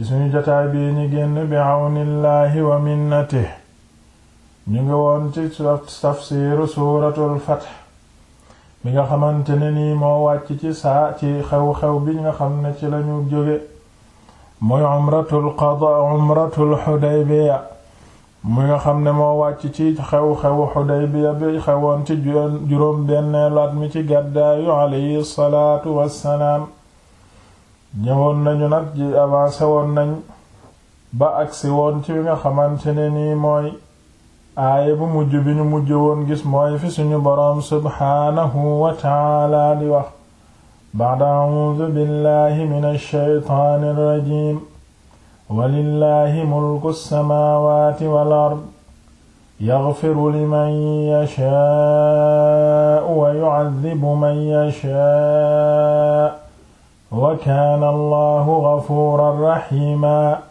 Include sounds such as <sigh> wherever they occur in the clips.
ci suñu jotaay bii ñi génn bi àwnillaahi wa minnati ñu ngi woon ci tafsiiru suuratul fath bi nga xamante ne nii moo wàcc ci saa ci xew-xew bi nga xam ne ci lañu jóge muy umratul qadaa umratul xudaybiya muy nga xam ne moo wàcc ci xew-xewu xudaybiya bi ci juróom benneelu at mi ñëwoon nañu nag ji avancé woon nañ ba agsi woon ci bi nga xamante ne nii mooy aaya bu mujj bi ñu mujj woon gis mooy fi suñu boroom subhaanahu wa taala di wax ba'da a'uudu billahi minash shaytaanir rajiim walillahi mulku samaawaati wal ard yaghfiru liman yashaa'u wa yu'adhibu man yashaa'u wa kaana allahu gafuuran raxiima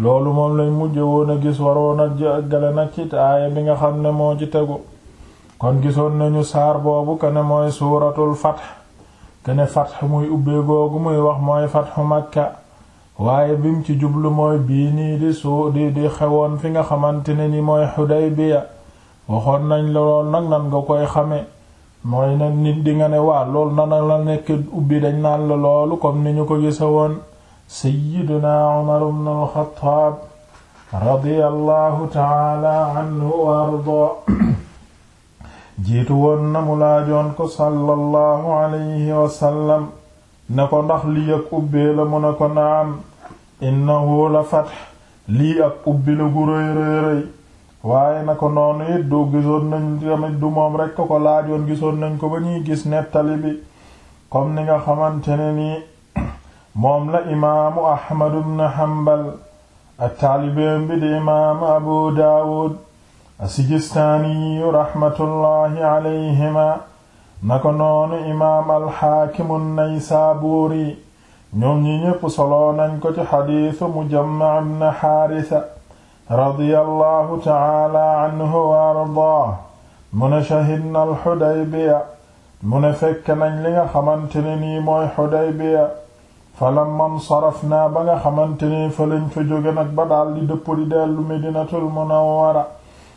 loolu moom lañ mujj woon a gis waroon a jàggale nag ci aaya bi nga xam ne moo ci tegu kon gisoon nañu saar boobu kene mooy suuratul fatx kene fatx muy ubbee googu muy wax mooy fatxu makka waaye bim ci jublu mooy bii nii di suu di di xewoon fi nga xamante ne ni mooy xudaybiya waxoon nañ la lool nag nan nga koy xame mooy nag nit di nga ne waa loolu nana la nekk ubbi dañ naan la loolu comme ni ñu ko gisa woon sayyiduna Umar ibn al-Khattab radiyallahu taala anhu wa arda jiitu woon na mu laajoon ko sallallahu alayhi wasallam ne ko ndax lii ak ubbee la mu ne ko naam innahu la fath lii ak ubbi la gu rëy rëy waaye na ko noonu it gisoon nañ moom rekk ko gisoon nañ ko ba ñuy gis nettali bi comme ni nga xamante ne nii <coughs> moom la imaamu ahmadu ibn hanbal ak taalibeem bi di imaamu abu daawud asijistaaniyu raxmatullaahi alayhima na noonu imaam alxaakimu naysaabuuri ñoom ñi ñëpp solo nañ ko ci xadiisu mujamma ibn xaarisa radiyallahu taala anhu wa ardaa mu ne shahidna alxudaybiya mu ne fekk nañ li nga xamante ne nii mooy xudaybiya fa lamman sarafnaa ba nga xamante ne fa lañ fa jóge nag ba daal di dëpp di dellu medinatul munawwara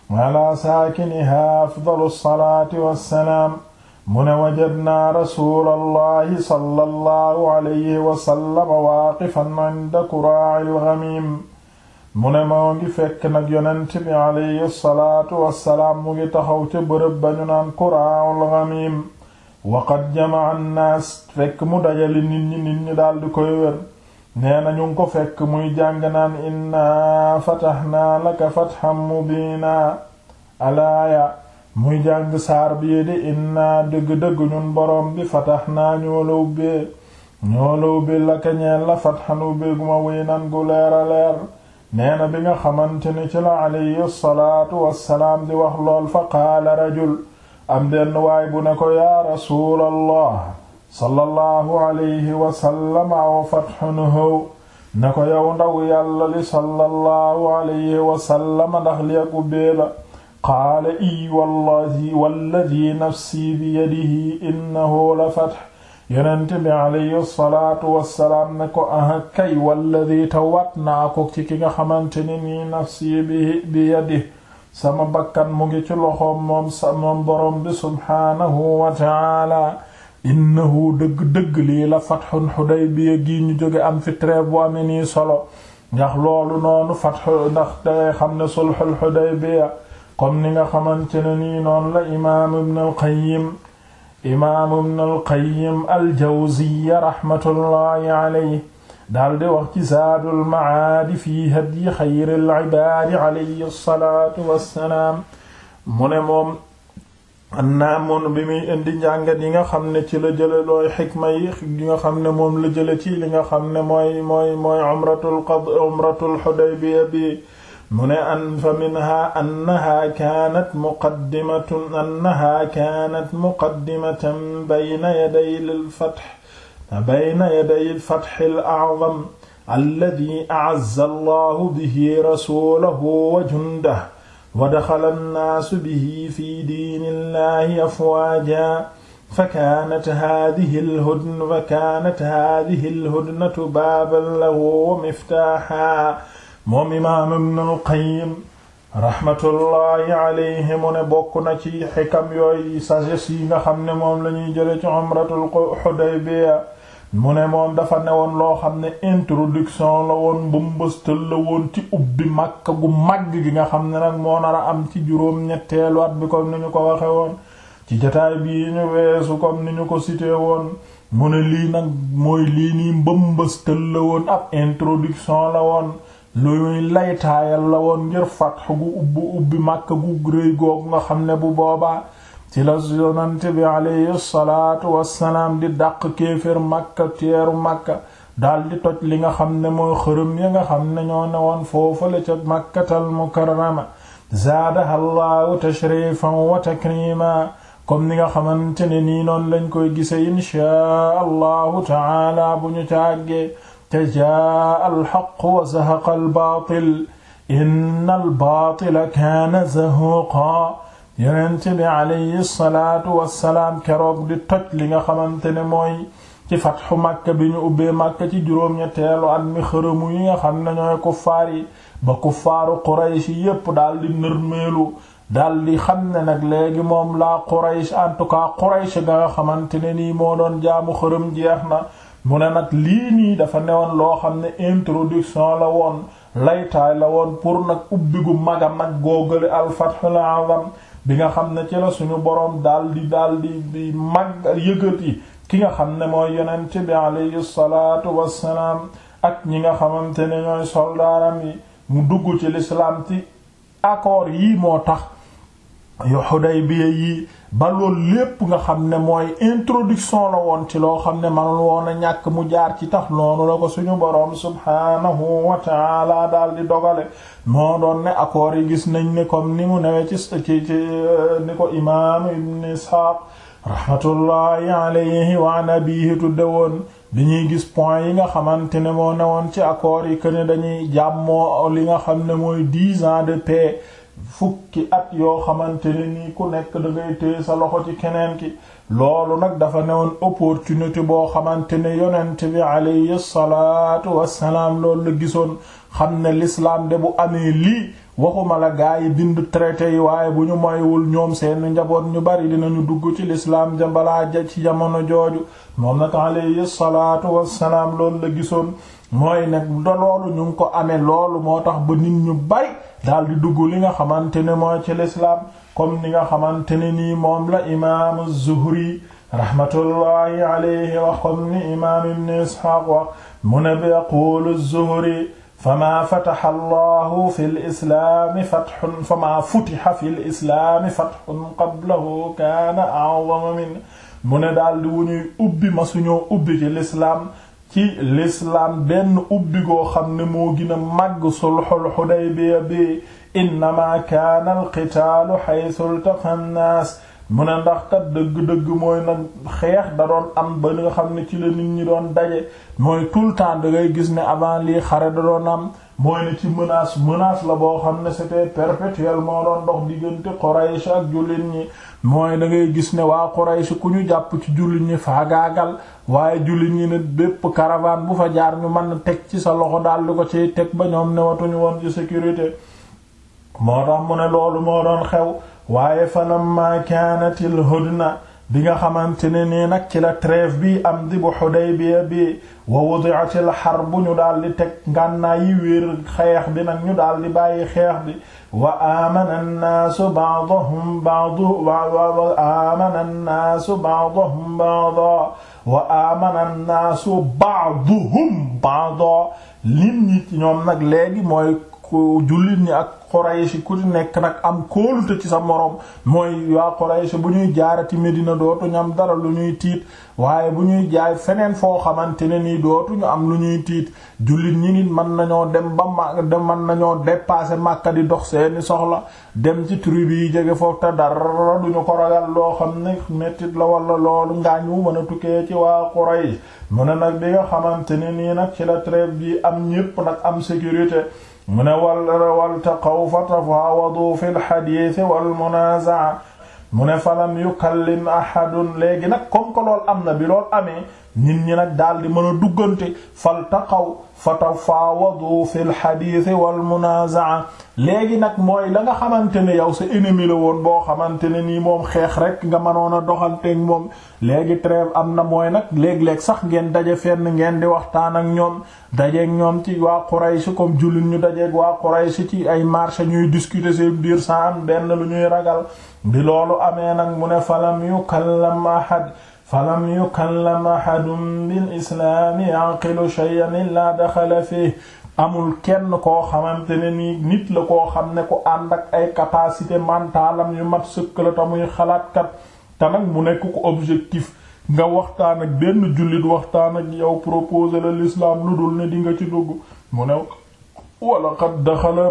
ala saakinihaa afdalu salaati wassalaam mu ne wajadnaa rasuulallahi sallallahu alayhi wa sallam waaqifan inda kuraa'il ghamiim mu ne moo ngi fekk nag yonent bi alayhi salaatu wassalaam mu ngi taxaw ca bërëb ba ñu naan quraa'ul ghamiim wa qad jama'a an-naas fekk mu dajale ni ñi nit ñi daldi koy wër nee na ñu ko fekk muy jàng naan innaa fatahnaa laka fathan mubiinaa alaaya muy jàng saar bii di innaa dëgg-dëgg ñun boroom bi fatahnaa ñoo la ubbee ñoo la ubbee laka ñeel la fathan ubbeeguma wiy nan gu leer a leer nee na bi nga xamante ne ci la alayhi salaatu wassalaam di wax lool fa qaala rajul am denn waay bu ne ko yaa rasuulallah sallallahu alayhi wasallam aw fatxun how ne ko yow ndaw yàlla li sallallahu alayhi wasallama ndax li ak ubbee la qaala iy wallahi walladi nafsi bi yadihi innahu la fatx yonent bi alayhi salaatu wassalaam na ko aha kay walladi te wat naa ko ci ki nga xamante ne nii nafsi bi bi yadi sama bakkan mu ngi ci loxoom moom sa moom boroom bi subhaanahu wa taala innahu dëgg-dëgg lii la fatxun Xudaybiya gii ñu jóge am fi trêve bu amee nii solo ndax loolu noonu fatxu ndax dangay xam ne sulxul Xudaybiya comme ni nga xamante ne nii noonu la imaam Ibn al-Qayyim imaamu ibn al-Qayyim al-Jawziyya rahmatullahi alayhi daal di wax ci Zaadul Ma'aad fi hadyi xayril ibaad alayhi salaatu wassalaam mu ne moom naamoon bi muy indi njàngat yi nga xam ne ci la jële looy xikma yi yi nga xam ne moom la jële ci li nga xam ne mooy mooy mooy umratul qad umratul Hudaybiya bi mu ne an fa minha annaha kaanat muqaddimatun annaha kaanat muqaddimatan bayna yaday al-fath bayna yaday al-fath al-a'zam alladhi a'azza Allahu bihi rasulahu wa jundahu wa daxala an-naasu bihi fi diini Allahi afwaajan فكانت هذه الهدنة فكانت هذه الهدنة بابا له ومفتاحا moom imaam ibn al-Qayyim rahmatullahi alayhi mu ne bokk na ci xikam yooyu sagesse yi nga xam ne moom lañuy ñuy jële ci umratul Hudaybiya mu ne moom dafa newoon loo xam ne introduction la woon mbambastal la woon ci ubbi Makka gu màgg gi nga xam ne nag moo nar a am ci juróom ñetteelu at bi comme ni ñu ko waxe woon ci jataay bii ñu weesu comme ni ñu ko cité woon mu ne lii nag mooy lii nii mbambastal la woon ab introduction la woon luy laytaayal la woon ngir fatx gu ubbi ubbi màkk gu rëy googu nga xam ne bu boobaa ci la yonante bi alayhi salaatu wassalaam di dàq kéeféer màkka teeru màkka daldi toj li nga xam ne mooy xërëm ya nga xam ne ñoo ne woon foofu la ca màkkatal mukarrama zaadaha llahu tashrifan wa takrima comme ni nga xam ne nii noonu lañ koy gise inchaa allahu taala bu ñu càggee te jaa alxaqu wa zahaqa albaatil inna albaatila kaana zahuqa yonent bi alayhi salaatu wassalaam keroog di toj li nga xamante ne mooy ci fatxu Makka bi ñu ubbee Makka ci juróom-ñetteelu at mi xërëmu yi nga xam ne ñooy kuffaar yi ba kuffaaru Quraysh yépp daal di nërmeelu daal di xam ne nag léegi moom laa Quraysh en tout cas Quraysh ga nga xamante ne nii moo doon jaamu xërëm jeex na mu ne nag lii nii dafa newoon loo xam ne introduction la woon laytaay la woon pour nag ubbi gu mag a mag googale al-Fathul Azam bi nga xam ne ci la suñu boroom daal di daal di di mag yi ki nga xam ne mooy yonent bi alayhi salaatu wassalaam ak ñi nga xamante ne ñooy soldaaram yi mu dugg ci lislaam ci accord yii moo tax yu Hudaybiya yi ba loolu lépp nga xam ne mooy introduction la woon ci loo xam ne man woon a ñàkk mu jaar ci tax noonu la ko suñu boroom subhaanahu wa taala daal di dogale moo doon ne accords yi gis nañ ne comme ni mu newee ci ci ci ni ko imaamu Ibn Isxaaq rahmatullahi alayhi wa an abihi tudde woon dañuy gis point yi nga xamante ne moo woon ci accords yi que ne dañuy jàmmoo li nga xam ne mooy dix ans de paix fukki at yoo xamante ne nii ku nekk da ngay sa loxo ci keneen ki loolu nag dafa newoon opportunité boo xamante ne yonent bi alayhi salaatu wassalaam loolu la gisoon xam ne l'islam de bu amee lii waxuma la gaa yi bind traité yi waaye bu ñu moywul ñoom seen njaboot ñu bari ñu dugg ci lislaam ja ja ci jamono jooju moom nag alayhi salaatu wassalaam loolu la gisoon mooy nag loolu ñu ko amee loolu moo tax ba nit ñu bari daal di dugg li nga xamante ne mooy ci lislaam comme ni nga xamante ne nii moom la imaamu Zuhri rahmatullahi alayhi wa comme ni imaam Ibn Isxaaq wax mu ne bi yaqulu Zuhri famaa fataha Allahu fil islaami fathun famaa qablahu kaana a'zama min mu ne daal di wu ñuy ubbi ma suñoo ubbi ci lislaam ci lislaam benn ubbi koo xam ne moo gën a màgg sulxul xudaybiya bi innama kaana alqitaalu xaytu iltaqa nnaas mu ne ndax kat dëgg-dëgg mooy na xeex da doon am ba nga xam ne ci la nit ñi doon daje mooy tout le temps da ngay gis ne avant lii xare da doon am mooy ne ci menace menace la boo xam ne c'était perpétuel moo doon dox diggante Quraysh ak jullit ñi mooy da ngay gis ne waa Quraysh ku ñu jàpp ci jullit ñi faagaagal waaye jullit ñi ne bépp caravane bu fa jaar ñu mën teg ci sa loxo daal di ko ci teg ba ñoom newatuñu woon ci sécurité moo tax ne loolu moo doon xew waaye falamma kaanatil hudna bi nga xamante ne nii nag ci la trêve bi am di bu Hudaybiya bi wa wudi'atil harb ñu daal di teg ngànnaay wéer xeex bi nag ñu daal di bàyyi xeex bi wa amana an wa amana an-naasu ba'dahum wa amana an-naasu ba'duhum ba'dan lim nag léegi mooy ko jullit ñi ak Quraysh ku nekk nag sa morom mooy waa Quraysh bu ñuy jaarati Medina dootuñu am dara lu ñuy tiit waaye bu ñuy jaay feneen foo xamante ne nii dootuñu am lu ñuy tiit jullit ñi nit mën nañoo dem ba ma man nañoo dépasser Makka di dox seeni soxla dem ci tribu yi jege foofu te dara duñu ko ragal loo xam ne mettit la wala loolu ngaañ wu mën a tukkee ci waa Quraysh mu ne nag bi nga xamante nii nag ci la trêve bi am ñépp nag am sécurité mu ne wal waltaqaw fa tafaawadu fi lxadiisi walmunaaza'a mu ne falam yukallim ahadun léegi nag comme que lool am na bi lool amee nit ñi nag daal di mën a duggante fal taqaw fatafaawadu fi lxadiisi wal munazaa léegi nag mooy la nga xamante ne yow sa ennemi la woon boo xamante ne nii moom xeex rek nga mënoon a doxanteeg moom léegi trêve am na mooy nag léeg-léeg sax ngeen daje fenn ngeen di waxtaan ak ñoom dajeeg ñoom ci waa Quraysh comme jullit ñu dajeeg waa Quraysh ci ay marché ñuy discuter seen biir sa am benn lu ñuy ragal bi loolu amee nag mu ne falam yukallam ahad falam yukallam ahadun bil islaami yaqilu shay'an illaa daxala fiihi amul kenn koo xamante ne nii nit la koo xam ne ko ànd ak ay capacité mentalam yu mat sëkk la ta muy xalaatkat nag mu nekk ku objectif nga waxtaan ak benn jullit waxtaan ak yow proposé la l'islam lu dul ne di nga ci dugg mu ne wala qad daxala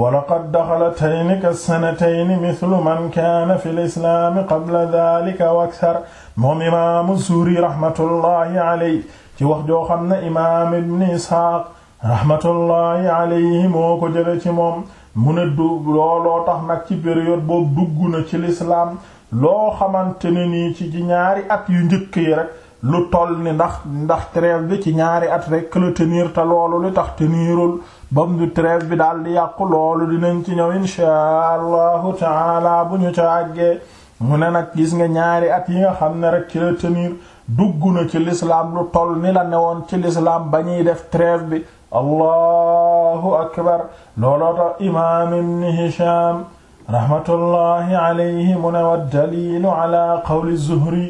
walaqad daxala taynika sanatayni mithlu man kaana fi lislaami qabla daalika wa aksar moom imaamu zuhri rahmatullahi alayhi ci wax joo xam ne imaam ibn isxaaq rahmatullahi alayhi moo ko jële ci moom mu ne du looloo tax nag ci période dugg na ci lislaam loo xamante ne nii ci ñaari at yu njëkk yi rek lu toll ni ndax ndax trêve bi ci ñaari at rekk la tenir te loolu li tax tenirul bam du trêve bi daal di yàqu loolu dinañ ci ñëw inshaa allahu taala bu ñu ca àggee mu ne nag gis nga ñaari at yi nga xam ne rek ci la tenir dugg ci lislaam lu toll ni la newoon ci lislaam ba ñuy def trêve bi allahu akbar looloo tax imaam ibn hisham rahmatullahi alayhi mu ne wa dalilu ala qawli zuhri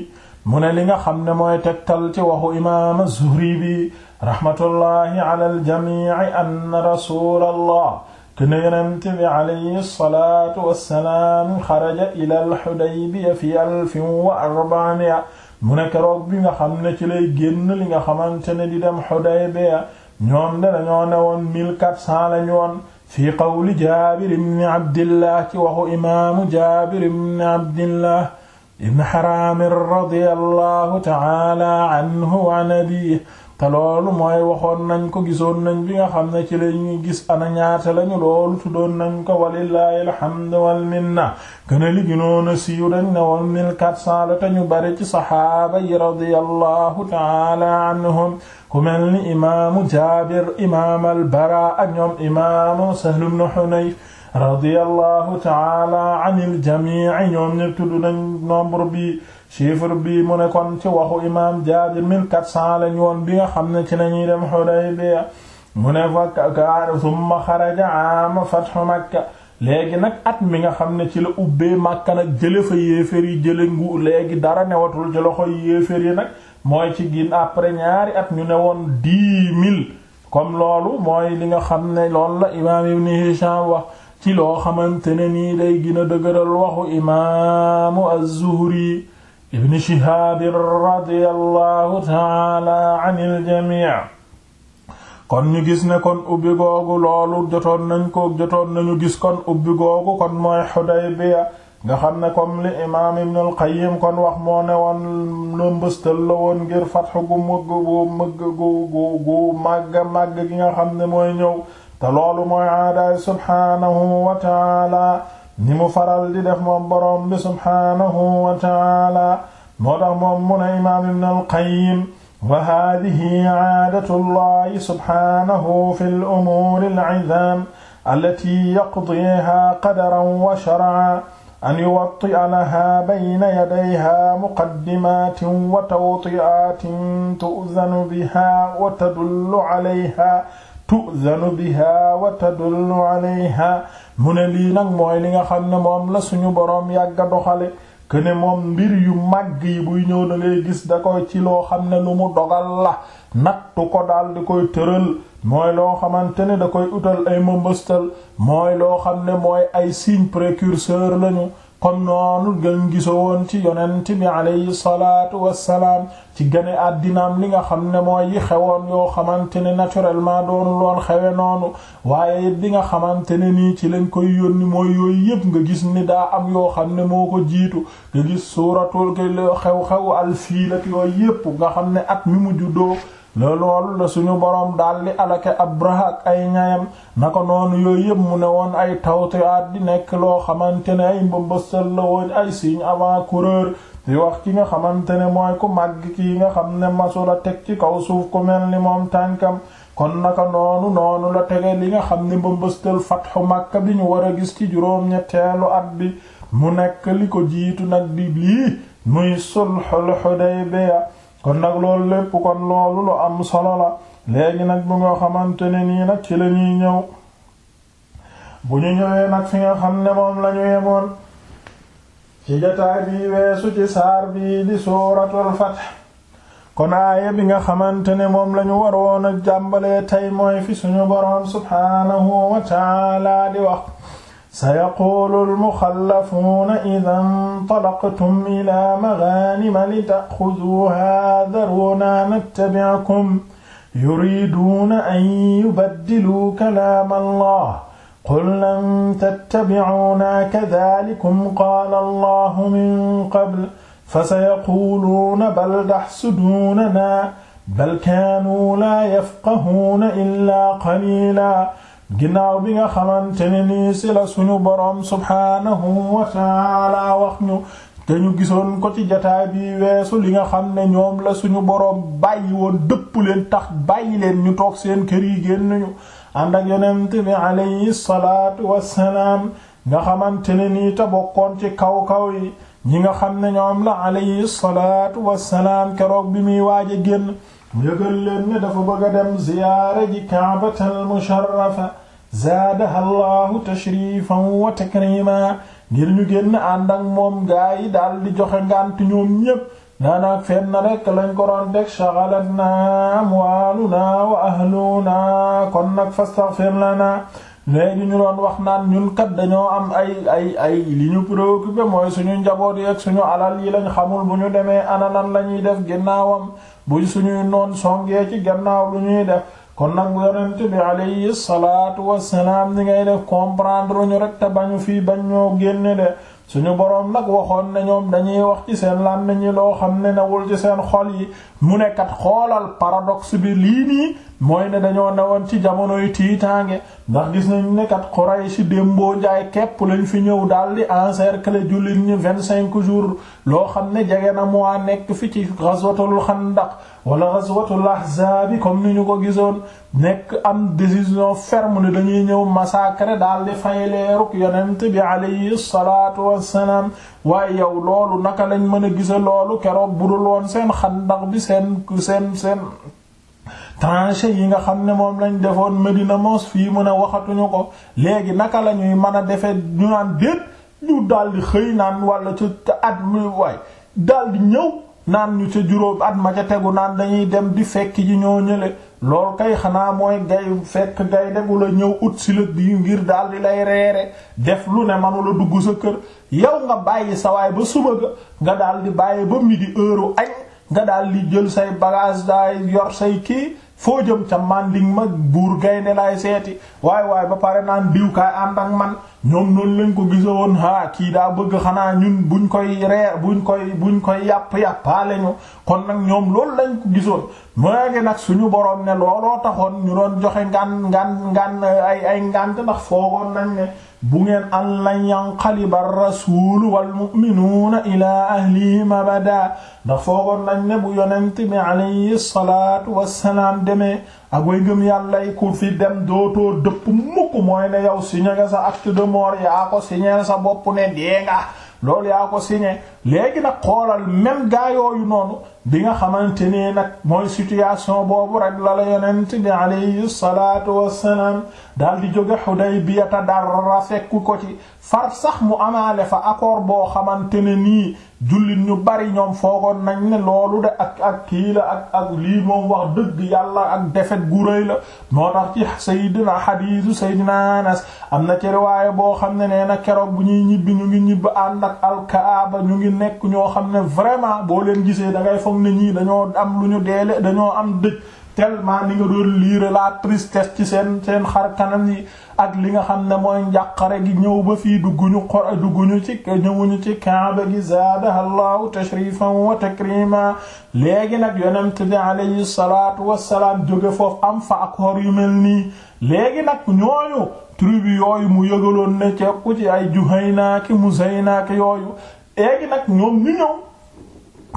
mu ne li nga xam ne mooy tegtal ci waxu imaam az-Zuhri bi rahmatullahi ala al-jamii anna rasulallah kene yonent bi alayhi salaatu wassalaam xaraja ila al-Hudaybiya fi alfin wa arbaamia mu ne keroog bi nga xam ne ci lay génn li nga xamante ne di dem Hudaybiya ñoom de dañoo ne woon 1400 lañu woon fi qawli Jaabir ibn Abdillah ci waxu imaamu Jaabir ibn Abdillah ibn Haraam radiyallahu ta'ala anhu wa nabi te loolu mooy waxoon nañ ko gisoon nañ bi nga xam ne ci lañuy gis ana ñaata lañu loolu tuddoon nañ ko walillahi alhamdu wal minna gëna li ginoona siiw dañ ne woon 1400 la te ñu bari ci saxaaba yi radiyallahu ta'ala anhum ku mel ni imaamu Jaabir imaam al-Baraa ak ñoom imaamu Sahl ibn Hunayf radiyallahu taala anil jamii ñoom ñëpp tudd nañ nombre bi chiffre bi mu ne kon ci waxu imaam Jaabir 1400 lañ woon bi nga xam ne ci lañuy dem Hudaybiya mu ne fa kaar summa xaraja aama nag at mi nga xam ne ci la ubbee Makka nag jële fa yéefér yi jële ngu léegi dara newatul ci loxoy yéefér yi nag mooy ci gin après ñaari at ñu ne woon dix mille comme loolu mooy li nga xam ne lool la imaam Ibn Hisham wax ci loo xamante ne nii day gën a dëgëral waxu imaamu az-Zuhri ibn Shihaab radiyallahu taala anil jamii kon ñu gis ne kon ubbi googu loolu jotoon nañ ko jotoon nañu gis kon ubbi googu kon mooy Xudaybiya nga xam ne comme li imaam Ibn al-Qayyim kon wax moo ne woon lëmbëstal la woon ngir fatx gu mëgg gu mëgg gu màgg màgg gi nga xam ne mooy ñëw te loolu mooy aadaay subhaanahu wa taala ni mu faral di def moom boroom bi subhaanahu wa taala moo tax moom mu ne imaam ibn al-Qayyim wa haadihi aadatu llahi subhaanahu fi al-umuuri al-izaam allati yaqdiihaa qadaran wa shar'an an yuwatti'a lahaa bayna yadayhaa muqaddimaatin wa tawti'aatin tu'zanu bihaa wa tadullu 'alayhaa tuzanu biha wa tadullu alayha mu ne lii nag mooy li nga xam ne moom la suñu boroom yàgg a doxale këne moom mbir yu màgg yi buy ñëw da ngay gis da koy ci loo xam ne lu mu dogal la nattu ko daal di koy tëral mooy loo xamante ne da koy utal ay mëmbëstal mooy loo xam ne mooy ay signe précurseur lañu kon noonu gën gisoo woon ci yonent bi alayhi salaatu wassalaam ci gane àddinaam li nga xam ne mooy yi xewoon yoo xamante ne naturellement doonu loon xewe noonu waaye yit di nga xamante ne nii ci lañ koy yónni mooy yooyu yëpp nga gis ni daa am yoo xam ne moo ko jiitu nga gis xew-xew alfiil ak yëpp nga xam ne at mi mu juddoo la loolu la suñu boroom daal di alake Abraha ak ay ñayam naka noonu yooyu yëpp mu ne woon ay tawtiaat di nekk loo xamante ne ay mbambasal la woon ay signe avant coureur di wax ki nga xamante ne mooy ku màgg ki nga xam ne masula teg ci kaw suuf ku mel ni moom tànkam kon naka noonu noonu la tege li nga xam ne mbambastal fatxu Makka bi ñu war a gis ci juróom-ñetteelu at bi mu nekk li ko jiitu nag bi lii muy sulxul Xudaybiya kon nag loolu lépp kon loolu lu am solo la léegi nag bu nga xamante ne nii nag ci la ñuy ñëw bu ñu ñëwee nag fi nga xam ne moom la yemoon ci jotaay bi weesu ci saar bi di suuratul fath kon aaya bi nga xamante ne moom lañu waroon a jàmbalee tey mooy fi suñu boroom subhaanahu wa taala di wax sayaqulu almuxallafuuna ida ntalaqtum ila maganima litaxuduuha daruna nattabiakum yuriduuna an yubaddilu kalaam allah qul lan tattabi'uuna kadhaalikum qaala allahu min qabl fasayaquuluuna bal tahsuduunanaa bal kaanuu laa yafqahuuna illaa qaliilaa ginnaaw bi nga xamante ne nii si la suñu boroom subhaanahu wa ta'aala wax ñu te ñu gisoon ko ci jataay bi weesu li nga xam ne ñoom la suñu boroom bàyyi woon dëpp leen tax bàyyi leen ñu toog seen kër yi génn ñu ànd ak yonent bi alayhi salaatu wassalaam nga xamante ne nii te bokkoon ci kaw-kaw yi ñi nga xam ne ñoom la alayhi salaatu wassalaam keroog bi muy waaj a génn yëgal leen ne dafa bëgg a dem ziyaara ji kaabatal musharrafa zaadaha allahu tashrifan wa takrima ngir ñu génn ànd ak moom gaa yi daal di joxe ngànt ñoom ñépp naanaag fenn rek lañ ko doon teg shaghalatna amwaaluna wa ahluna kon nag fastaghfir lana léegi ñu doon wax naan ñun kat dañoo am ay ay ay li ñu mooy suñu njaboot yi suñu alal yi lañ xamul bu ñu demee ananan la ñuy def ginnaawam bu suñuy noon songee ci gannaaw lu ñuy def kon nag yonent bi alayhi salaatu wassalaam ni ngay def comprendre ñu rek te bañu fii bañ ñoo génne de suñu boroom nag waxoon na ñoom dañuy wax ci seen làmmiñ ñi loo xam ne nawul ci seen xol yi mu nekkat xoolal paradoxe bi lii nii mooy ne dañoo newoon ci jamonoy tiitaange ndax gis nañ ne kat Quraysh démboo njaay kepp lañ fi ñëw daal di encercler jullit ñi vingt cinq jours loo xam ne jege na mois nekk fi ci ghazwatul xandaq wala ghazwatul ahzaabi comme ni ñu ko gisoon nekk am décision ferme ne dañuy ñëw massacre daal di fay leeruk yonent bi alayhi salaatu wassalaam waaye yow loolu naka lañ mën a gise loolu keroog budul woon seen xandaq bi seen seen seen tranchées yi nga xam ne moom lañ defoon Medina mos fii mu ne waxatuñu ko léegi naka la ñuy mën a defee ñu naan déet ñu daldi xëy naan walla ca at mi waay daldi ñëw naan ñu ca juróom at ma ca tegu naan dañuy dem di fekk ji ñoo ñële lool kay xanaa mooy gay fekk gay degu ñëw ut si la di ngir daldi lay reere def lu ne manula dugg sa kër yow nga bàyyi sawaay ba suba ga nga daldi bàyyi ba midi heure añ nga daldi jël say bagage daay yor say kii foo jëm ca manding ma buur gaynde laay seeti waay waaye ba pare naan diw kaay ànd man ñoom noonu lañ ko gisa woon ah kii daa bëgg xanaa ñun buñ koy reer buñ koy buñ koy yàpp yàppaale ñu kon nag ñoom loolu lañ ko gisoon mooy ngi nag suñu boroom ne looloo taxoon ñu doon joxe ngan ngan ngan ay ay ngànt ndax foogoon nañ ne bu ngeen an lan yanqaliba rasulu wal mu'minuuna ilaa ahlihim abada ndax foogoon nañ ne bu yonent bi alayhi salaatu wassalaam demee ak way ngëm yàlla yi ku fi dem dootoo dëpp mukk mooy ne yow signé nga sa acte de mort yaa ko signé sa bopp ne dee nga loolu yaa ko signé léegi nag xoolal même gaa yooyu noonu bi nga xamante ne nag mooy situation boobu rek la la yonent bi alayhi salaatu wassalaam daal di jóge Hudaybiya te dara fekku ko ci far sax mu amaale fa accord boo xamante ne nii jullit ñu bari ñoom foogoon nañ ne loolu de ak ak kii la ak ak lii moom wax dëgg yàlla ak defet gu rëy la moo tax ci sayyidina hadiisu sayyidina Anas am na ci riwaaya boo xam ne nee na keroog bu ñuy ñibbi ñu ngi ñibbi ànd ak alkaaba ñu ngi nekk ñoo xam ne vraiment boo leen gisee da foog foog ne ñii dañoo dam lu ñu deele dañoo am dëj tellement ni nga doon lire la tristesse ci seen seen xar kanam ak li nga xam ne mooy njàqare gi ñëw ba fii dugguñu xor dugguñu ci ñëwuñu ci kaaba gi zaadaha allahu tashrifan wa takrima léegi nag yonent bi alayhi salatu wassalaam jóge foofu am fa yu mel nii léegi nag ñooñu tribu yooyu mu yëgaloon ne cekku ci ay Juhayna ki Muzayna ki yooyu léegi nag ñoom ñu ñëw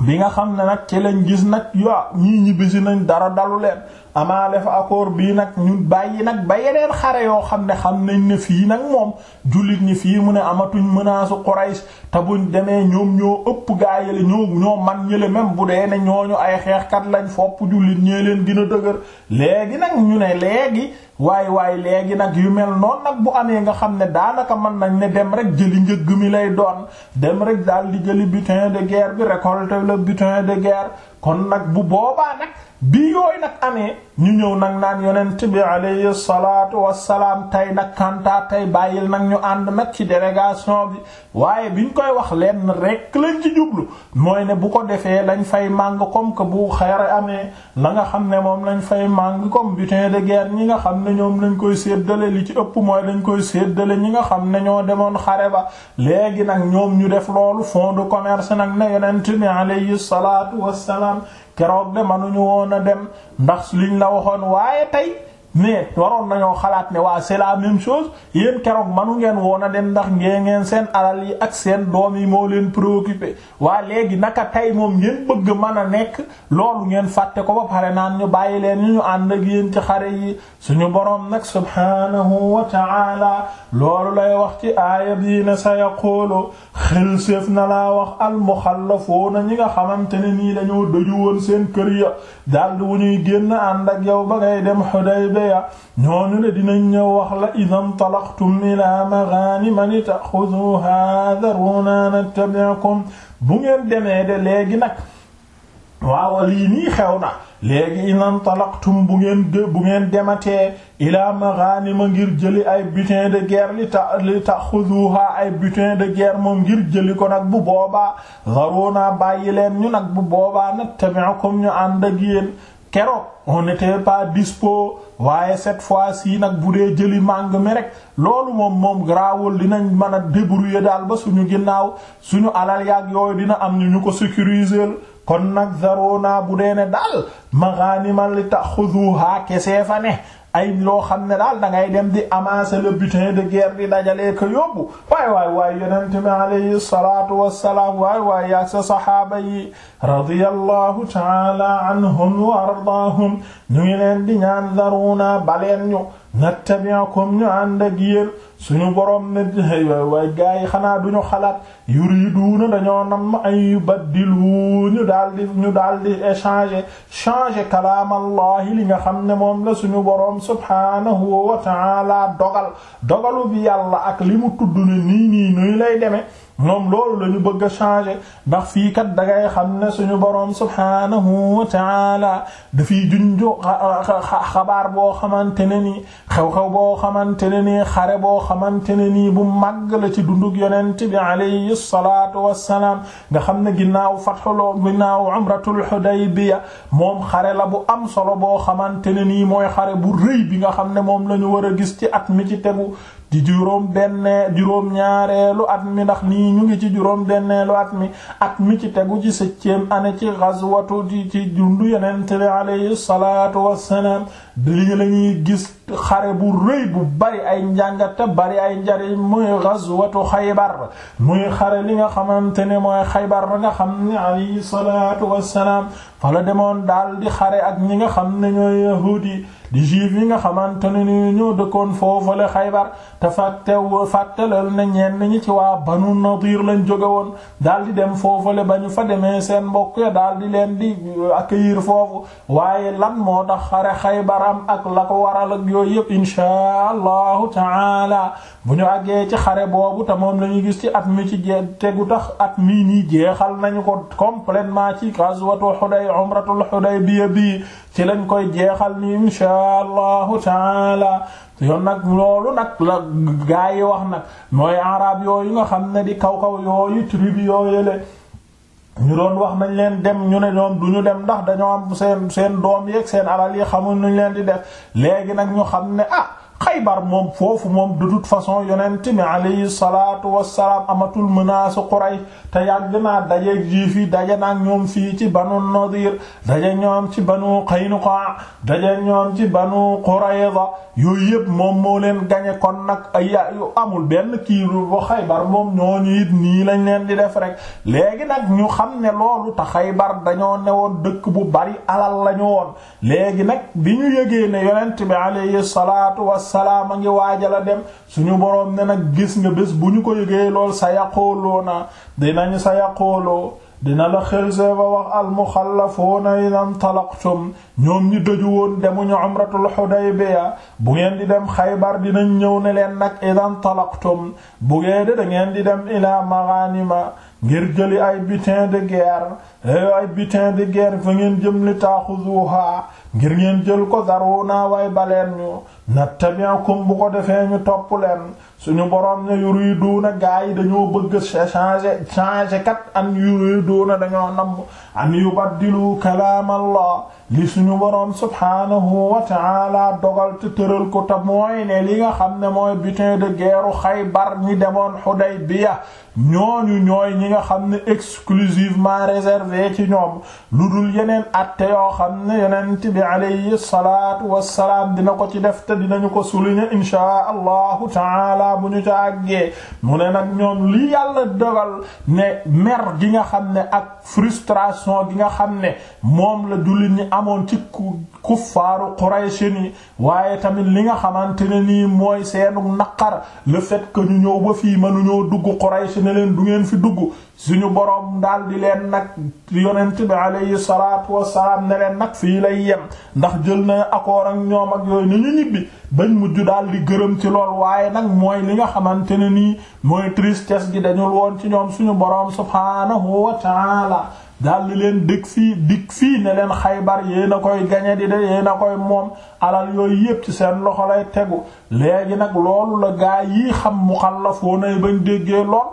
bi nga xam ne nag ci lañ gis nag yaa ñii ñibbisi nañ dara dalu leen amaa dafa accord bii nag ñun bàyyi nag ba yeneen xare yoo xam ne xam nañ ne fii nag moom jullit ñi fii mu ne amatuñ menace Quraysh te buñ demee ñoom ñoo ëpp gaa ñoo ñoo man ñële même bu dee ne ñooñu ay xeexkat lañ fopp jullit ñee leen dina dëgër léegi nag ñu ne léegi waaye waaye léegi nag yu mel noonu nag bu amee nga xam ne daanaka mën nañ ne dem rek jëli njëgg mi lay doon dem rek daal di jëli butin de guerre bi récolte le butin de guerre kon nag bu boobaa nag bi yooyu nag amee ñu ñëw nag naan yonent bi alayhi salaatu wassalaam tey nag kantaa tey bàyyil nag ñu ànd nag ci délégation bi waaye biñ koy wax leen rekk lañ ci jublu mooy ne bu ko defee lañ fay màng comme que bu xeer amee na nga xam ne moom lañ fay màng comme butin de guerre ñi nga xam ne ñoom lañ koy séddale li ci ëpp mooy lañ koy séddale ñi nga xam ne ñoo demoon xare ba léegi nag ñoom ñu def loolu fond de commerce nag ne yonent bi alayhi salaatu wassalaam keroog de manuñu woon a dem ndax liñ la waxoon waaye tey mais waroon nañoo xalaat ne waa c'est la même chose yéen keroog manu ngeen woon a dem ndax ngeen ngeen seen alal yi ak seen doom yi moo leen préoccupé waa léegi naka tey moom ngeen bëgg mën a nekk loolu ngeen fàtte ko ba pare naan ñu bàyyi leen ñu ñu ànd ak yéen ci xare yi suñu boroom nag subhanahu wa ta'ala loolu lay wax ci aaya bii ne sa yaqulu xel séef na laa wax almuxallafuuna ñi nga xamante ne nii dañoo dëju woon seen kër ya daldi wu ñuy génn ànd ak yow ba ya ñooñu ne dinañ ñëw wax la idan talaqtum ila maghanima ta'khudhuha nag waaw na léegi idan talaqtum bu ngir jëli ay butin de guerre li de guerre ngir jëli ko nag bu boobaa dharuna bàyyi leen ñu nag bu boba nattabi'kum ñu ànd ak keroog on n'était pas dispo waaye cette fois-ci nag bu dee jëli màng mi loolu moom moom garaawul dinañ mën a débrouiller daal ba suñu ginnaaw suñu alal yaag yooyu dina am ñu ñu ko sécuriser kon nag zarona bu dee ne daal maghaniman li ta'khuduha kese fa ne ay loo xam ne daal da ngay dem di amasser le butin de guerre di dajalee ko yóbbu waay waay waay yonent bi alayhi salaatu wassalaam waay waay yaag sa saxaaba yi radiyallahu ta'ala anhum wa ardaahum ñu ngi leen di ñaan daruna baleen ñu nattabi'akum ñu ànd ak yéen suñu borom ne waay gaa yi xanaa duñu xalaat yuriduuna dañoo nam an yubaddilu ñu daal di ñu daal di échanger changer kalaamallahi li nga xam ne moom la suñu borom subhaanahu wa ta'ala dogal dogalu bi yàlla ak li mu tudd ne nii nii nuy lay demee. moom loolu la ñu bëgg a changer ndax fii kat da ngay xam ne suñu boroom subhanahu wa taala dafiy junjoo xabaar boo xamante ne nii xew-xew boo xamante ne nii xare boo xamante ne nii bu màgg la ci dundug yonent bi alayhi salaatu wassalaam nga xam ne ginnaaw fatxuloo ginnaaw umratul hudaybiya moom xare la bu am solo boo xamante ne nii mooy xare bu rëy bi nga xam ne moom la ñu war a gis ci at mi ci tegu di juróom bennee juróom ñaareelu at mi ndax nii ñu ngi ci juróom benneelu at mi at mi ci tegu ci septième année ci ghazwatu di ci dundu yenente bi alayhi salaatu wassalaam lii la ñuy gis xare bu rëy bu bari ay njàngat te bari ay njariñ muy ghazwatu xaybar muy xare li nga xamante ne mooy xaybar ba nga xam ne alayhi salaatu wassalaam la demoon daal di xare ak ñi nga xam ne ñooy yahuudi di juif yi nga xamante ne ni ñoo dëkkoon foofale Xaybar te fàttew fàttalal na ñenn ñi ci waa Banu Nadir lañ jóge woon daal di dem foofale ba ñu fa demee seen mbokk ya daal di leen di euh, accueillir foofu waaye lan moo tax xare Xaybar am ak la ko waral ak yooyu yëpp inshaa Allahu taala bu ñu àggee ci xare boobu te moom la ñuy gis ci at mi ci jee tegu tax at mi nii jeexal nañu ko complètement ci ghazwatu Huday umratul Hudaybiya bi ci lañ koy jeexal ni inshaa allahu taala yoon nag loolu nag la yi wax nag mooy arab yooyu nga xam ne di kaw kaw yooyu tribu yooyele ñu doon wax nañ leen dem ñu ne ñoom du ñu dem ndax dañoo am seen seen doom yeeg seen alal yi xamuñ nuñ leen di def léegi nag ñu xam ne ah xaybar moom foofu moom de toute façon yonent mi alayhi salaatu wassalaam amatul menace Quraysh te yàgg naa jii juif yi daje naa ñoom fii ci banu Nadir daje ñoom ci banu Qaynuqa daje ñoom ci banu Qurayza yooyu yëpp moom moolen leen gañe kon nag ay yu amul benn kii lu ba xaybar moom ñooñu it nii lañ leen di def rek léegi nag ñu xam ne loolu te xaybar dañoo newoon dëkk bu bari alal lañu woon léegi nag bi ñu yëgee ne yonent bi salaatu wassalaam salaam a ngi waajal a dem suñu boroom ne nag gis nga bés bu ñu ko yëgee lool sa yaqooloo na dinañ sa yaqooloo dina la xelse ba wax almuxallafuuna idan talaqtum ñoom ñi doju woon demuñu umratul Hudaybiya bu ngeen di dem Xaybar dinañ ñëw ne leen nag idan talaqtum bu ngeen di da ngeen di dem ilaa maganima ngir jëli ay butin de guerre ay butin de guerre fa ngeen jëm li taaxuzuha ngir ngeen jël ko daruna way baleen ñu nattabi'ukum bu ko defee ñu topp leen suñu borom ne yuriduna gaa yi dañoo bëgg changer changer kat an yuriduna dañoo namm an yubaddilu kalaam Allah li suñu borom subhanahu wa ta'ala dogal te tëral ko te mooy ne li nga xam ne mooy butin de guerre Xaybar ñi demoon Hudaybiya ñooñu ñooy ñi nga xam ne exclusivement réservé ci ñoom lu dul yeneen atte yoo xam ne yonent bi alayhi salaatu wassalaam dina ko ci def te dinañu ko souligner inshaa allahu taala bu ñu ci àggee mu ne nag ñoom li yàlla dogal ne mer gi nga xam ne ak frustration gi nga xam ne moom la jullit ñi amoon ci kuffaaru Quraysh ni waaye tamit li nga xamante ne nii mooy seenu naqar le fait que ñu ñëw ba fii mënuñoo dugg Quraysh ne leen du ngeen fi dugg suñu boroom daal di leen nag yonent bi alayhi salaatu wassalaam ne leen nag fii lay yem ndax jël na accord ak ñoom ak yooyu ni ñu ñibbi bañ mujj daal di gërëm ci lool waaye nag mooy li nga xamante ne nii mooy tristesse gi dañul woon ci ñoom suñu boroom subhaanahu wa ta'ala daal di leen dëkk fii dikk fii ne leen xaybar yéen a koy gañe di de yéen a koy moom alal yooyu yëpp ci seen loxo lay tegu léegi nag loolu la gaa yi xam muxallafoon ay bañ déggee lool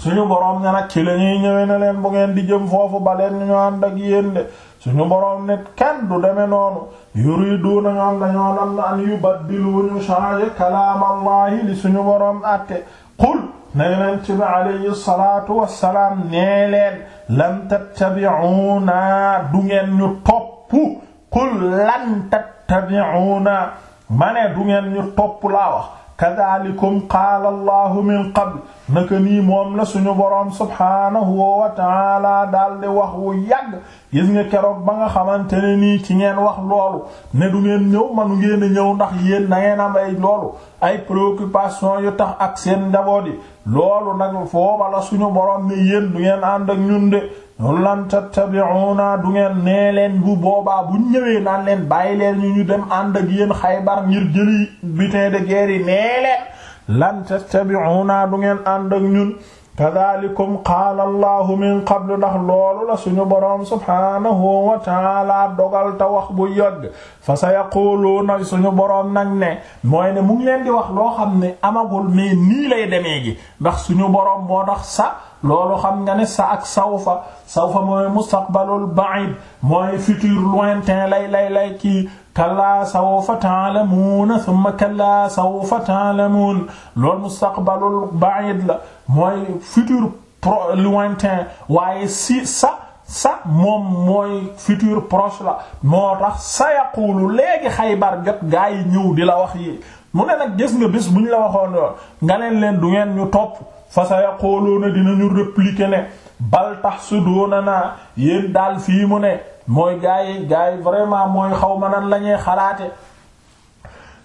suñu boroom ne nag ci la ñuy ñëwee ne leen bu ngeen di jëm foofu ba leen ñu ànd ak yéen de suñu boroom ne kenn du demee noonu yuriduuna ñoom dañoo nam na an yubaddilu ñu changer kalaam allahi li suñu boroom àtte qul na yonent bi alayhi salaatu wassalaam nee leen lan tattabi'uuna du ngeen ñu topp qul lan tattabi'uuna ma ne du ngeen ñu topp laa wax kadhalikum qaala allahu min qabl naka nii moom la suñu boroom subhaanahu wa taala daal di wax wu yàgg gis nga keroog ba nga xamante ne nii ci ngeen wax loolu ne du ngeen ñëw manu ngeen a ñëw ndax yéen na ngeen am ay loolu ay préoccupation yu tax ak seen njaboot yi loolu nag fooba la suñu boroom ne yéen du ngeen ànd ak ñun de lan naa du ngeen nee leen bu boobaa bu ñëwee naan leen bàyyi leen ñu ñu dem ànd ak yéen Xaybar ngir jëli butin de guerre yi nee lan tattabi'una du ngeen ànd ak ñun kadhalikum qaala allahu min qabl ndax loolu la suñu boroom subhaanahu wa taala dogal ta wax bu yàgg fa sa yaquluuna suñu boroom nag ne mooy ne mu ngi di wax loo xam ne amagul mais nii lay demee gi ndax suñu boroom moo dax sa loolu xam nga ne sa ak sawfa sawfa mooy mustaqbalul ba'id mooy futur lointain lay lay lay kii kallaa sawfa ta'lamuun thumma kallaa sawfa ta'lamuun loolu mustaqbalul ba'id la mooy futur pro lointain waaye si sa sa moom mooy proche la moo tax sa yaqulu léegi Xaybar gat gaa yi ñëw di la wax yi mu ne nag gis nga bés bu ñu la waxoon nga leen leen du ngeen ñu topp fa sa yaquluuna dinañu répliquer ne bal tax su doona naa yéen daal fii mu ne mooy gars yi gars yi vraiment mooy xaw ma nan la ñuy xalaate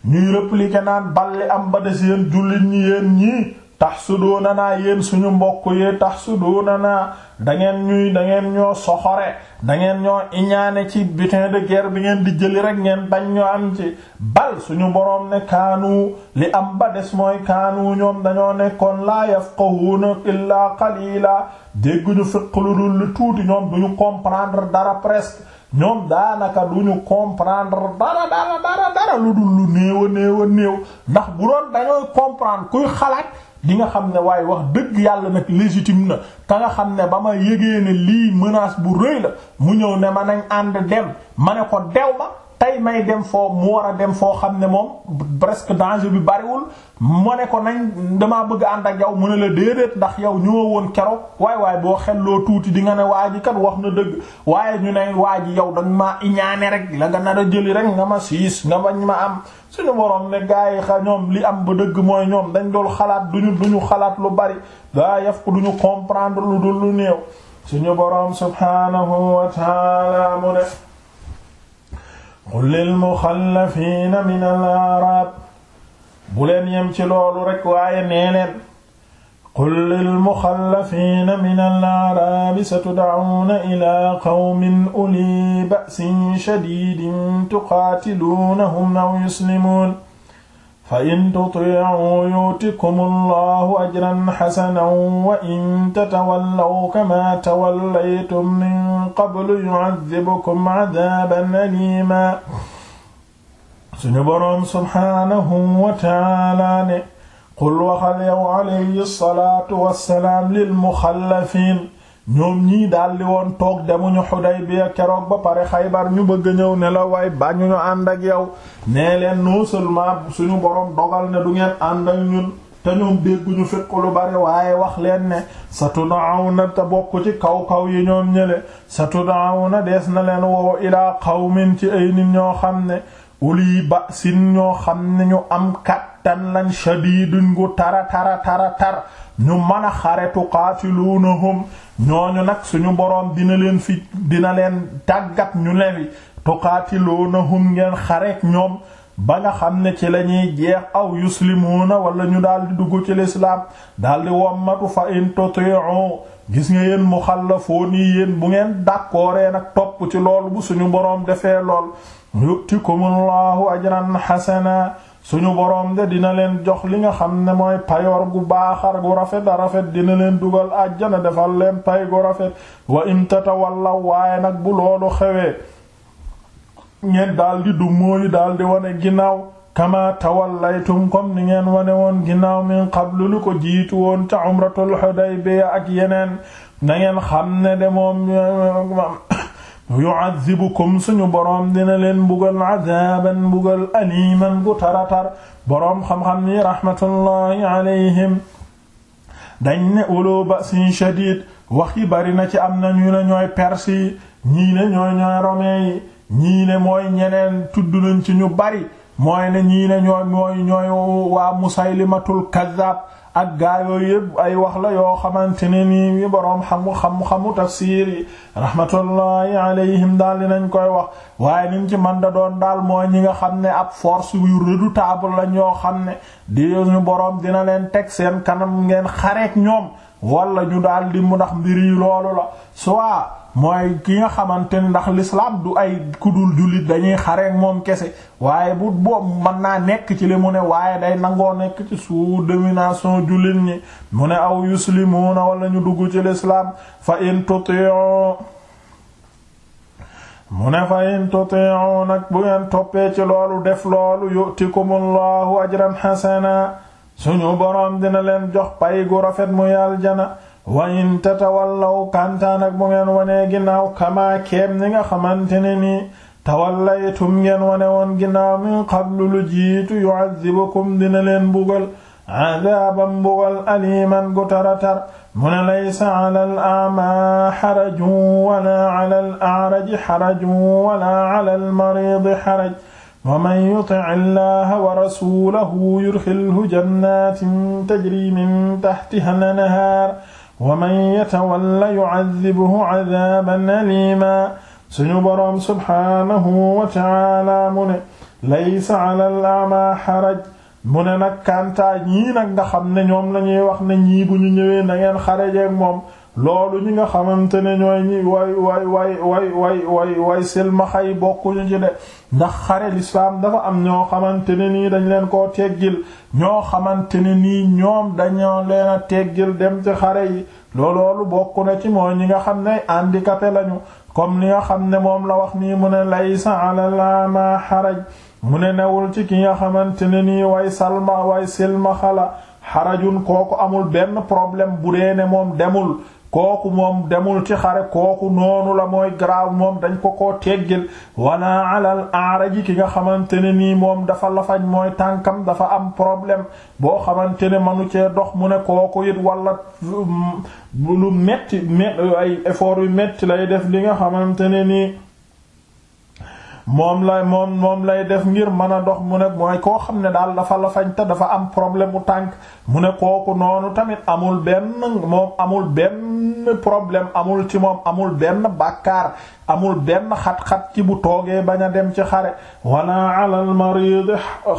ñuy répliquer naan balli am ba des yéen jullit ñi yéen ñii tax su doona naa yéen suñu mbokk yee tax su doona naa dangeen ñuy dangeen ñoo soxore dangeen ñoo iñaane ci bitin de guerre bi ngeen di jëli rek ngeen bañ ñoo am ci bal suñu boroom ne kaanu li am ba des mooy kaanu ñoom dañoo nekkoon la laa yafqahuuna illaa qalila dégguñu fiq lu dul lu tuuti ñoom duñu comprendre dara presque ñoom daanaka duñu comprendre dara dara dara lu dul lu néew a néew ndax bu doon dañooy comprendre kuy xalaat di nga xam ne waaye wax dëgg yàlla nag légitime na te nga xam ne ba ma yégee ne lii menace bu rëy la mu ñëw ne ma nañ ànd dem ma ne ko dew ma tey may dem foo mu war a dem foo xam ne moom presque danger bi bariwul ma ne ko nañ damaa bëgg ànd ak yow mu ne la déedéet ndax yow ñoo woon keroog waaye waaye boo xelloo tuuti di nga ne waa kat wax na dëgg waaye ñu ne waa ji yow dañ maa iñaane rek la nga nar a jëli rek nga ma siis nga bañ ma am suñu borom ne gaa ñoom li am ba dëgg mooy ñoom dañ doon xalaat duñu duñu xalaat lu bari daa yaf duñu comprendre lu dul lu néew suñu borom subhaanahu wa taala mu ne qul lil muxallafiina min al-a'raab leen yem ci loolu rekk waaye nee qul lilmuxallafiina min al-a'raabi satud'awna ilaa qawmin ulii ba'sin shadiidin tuqaatiluunahum aw yuslimuun fa in tuti'uu yu'tikum allahu ajran xasanan wa in tatawallaw kamaa tawallaytum min qablu yu'adhibkum 'adaaban aliimaa suñu boroom subhaanahu wa ta'aala ne qul waxal yow alayhi salaatu wassalaam lil muxallafiin ñoom ñii daldi woon toog demuñu Xudaybiya keroog ba pare Xaybar ñu bëgg ñëw ne la waay bañu ñu ànd ak yow nee leen non seulement suñu borom dogal ne du ngeen ànd ak ñun te ñoom dégguñu fekk lu bari waaye wax leen ne satud'awna te bokk ci kaw kaw yi ñoom ñële satud'awna des na leen woo ilaa qawmin ci ay nit ñoo xam ne uli ba'sin ñoo xam ne ñu am kattan lañ shadiidun gu tara tara tara tar ñu mën a xare tuqaatiluunahum ñooñu nag suñu boroom dina leen fi dina leen tàggat ñu lewi tuqaatiluunahum ngeen xareek ñoom ba nga xam ne ci lañuy jeex aw na wala ñu daldi dugg ci lislaam daldi wommatu fa in tuti'u gis nga yéen muxallafoon yi yéen bu ngeen d'accordee nag topp ci lool bu suñu boroom defee lool yu'tikumullahu ajran hasana suñu boroom de dina leen jox li nga xam ne mooy payor gu baaxar gu rafet a rafet dina leen dugal àjjana defal leen pay gu rafet wa in tatawallaw waaye nag bu loolu xewee ngeen daldi du mooyu daldi wane ginnaaw kama tawallaytum comme ni ngeen wane woon ginnaaw min qablu ko jiitu woon ca umratul Hudaybiya ak yeneen na ngeen xam ne de moom yu'adhibukum suñu boroom dina leen mbugal adaaban mbugal aliman gu taratar boroom xam-xam ni rahmatullahi alayhim dañ ne uloo ba'sin shadiid wax yi bari na ci am na ñu ne ñooy perse yi ñii ne ñooy ñooy romain yi ñii ne mooy ñeneen tudd nañ ci ñu bari mooy ne ñii ne ñooy mooy ñooy waa musaylimatul kazzab ak gaa yooyu yëpp ay wax la yoo xamante ne nii boroom xamu xam xamu tafsiir yi rahmatullahi alayhim daal dinañ koy wax waaye niñ ci man da doon daal moo ñi nga xam ne ab force yu redoutable la ñoo xam ne di ñu boroom dina leen teg seen kanam ngeen xareek ñoom wala ñu daal di mu ndax mbir yi loolu la soit mooy ki nga xamante ni ndax l'islam du ay kudul jullit dañuy xareek moom kese waaye bu boobu mën naa nekk ci li mu ne waaye day nangoo nekk ci sous domination jullit ñi mu ne aw yuslimuuna wala ñu dugg ci l'islam fa in tuti'u mu ne fa in nag bu ngeen toppee ci loolu def loolu yu'tikumullahu ajran hasana suñu boroom dina leen jox pay gu rafet mu yàl jana wa in tatawallaw kantaan ak bu ngeen wonee ginnaaw kamaa keem ni nga xamante ne nii tawallaytum ngeen wone woon ginnaaw min qablu lu jiitu yu'adhibukum dina leen bugal adaabam bugal aliman gu taratar mu ne laysa ala al a'ma xarajun wala ala al a'raji xarajun wala ala al maridi xaraj wa man yuti' allaha wa rasulahu yudxilhu jannatin tajri min tahtiha al anhaar wa man yatawalla yu'adhibhu 'adhaban alima suñu boroom subhaanahu wa ta'aala mu ne laysa 'ala al-a'ma haraj mu ne nag kantaa ñii nag nga xam ne ñoom lañuy wax ne ñii bu ñu ñëwee na ngeen xarejeek moom loolu ñi nga xamante ne ñooy way way way way way way way silmaxa yi bokkuñu ci de ndax xare lislaam dafa am ñoo xamante ne nii dañ leen koo teggil ñoo xamante ne nii ñoom dañoo leen a teggil dem ci xare yi loolu bokk na ci mooy ñi nga xam ne handicapé lañu comme li nga xam ne moom la wax nii mu ne laysa alal ama xaraj mu ne newul ci ki nga xamante ne nii way salma way silmaxa la xarajun kooku amul benn problème bu dee moom demul kooku moom demul ci xare kooku noonu la mooy garaaw moom dañ ko ko teggil wala alal aaraji ki nga xamante ne nii moom dafa lafañ mooy tànkam dafa am problème boo xamante ne manu cee dox mu ne kooku it wala mm, metti effort yu metti lay def li nga xamante ne nii moom lay moom moom lay def ngir mën a dox mu ne mooy koo xam ne daal dafa la fañ dafa am problème bu tànk mu ne kooku noonu tamit amul benn moom amul benn problème amul ci moom amul benn bàkkaar amul benn xat-xat ci bu toogee bañ a dem ci xare wala alal marid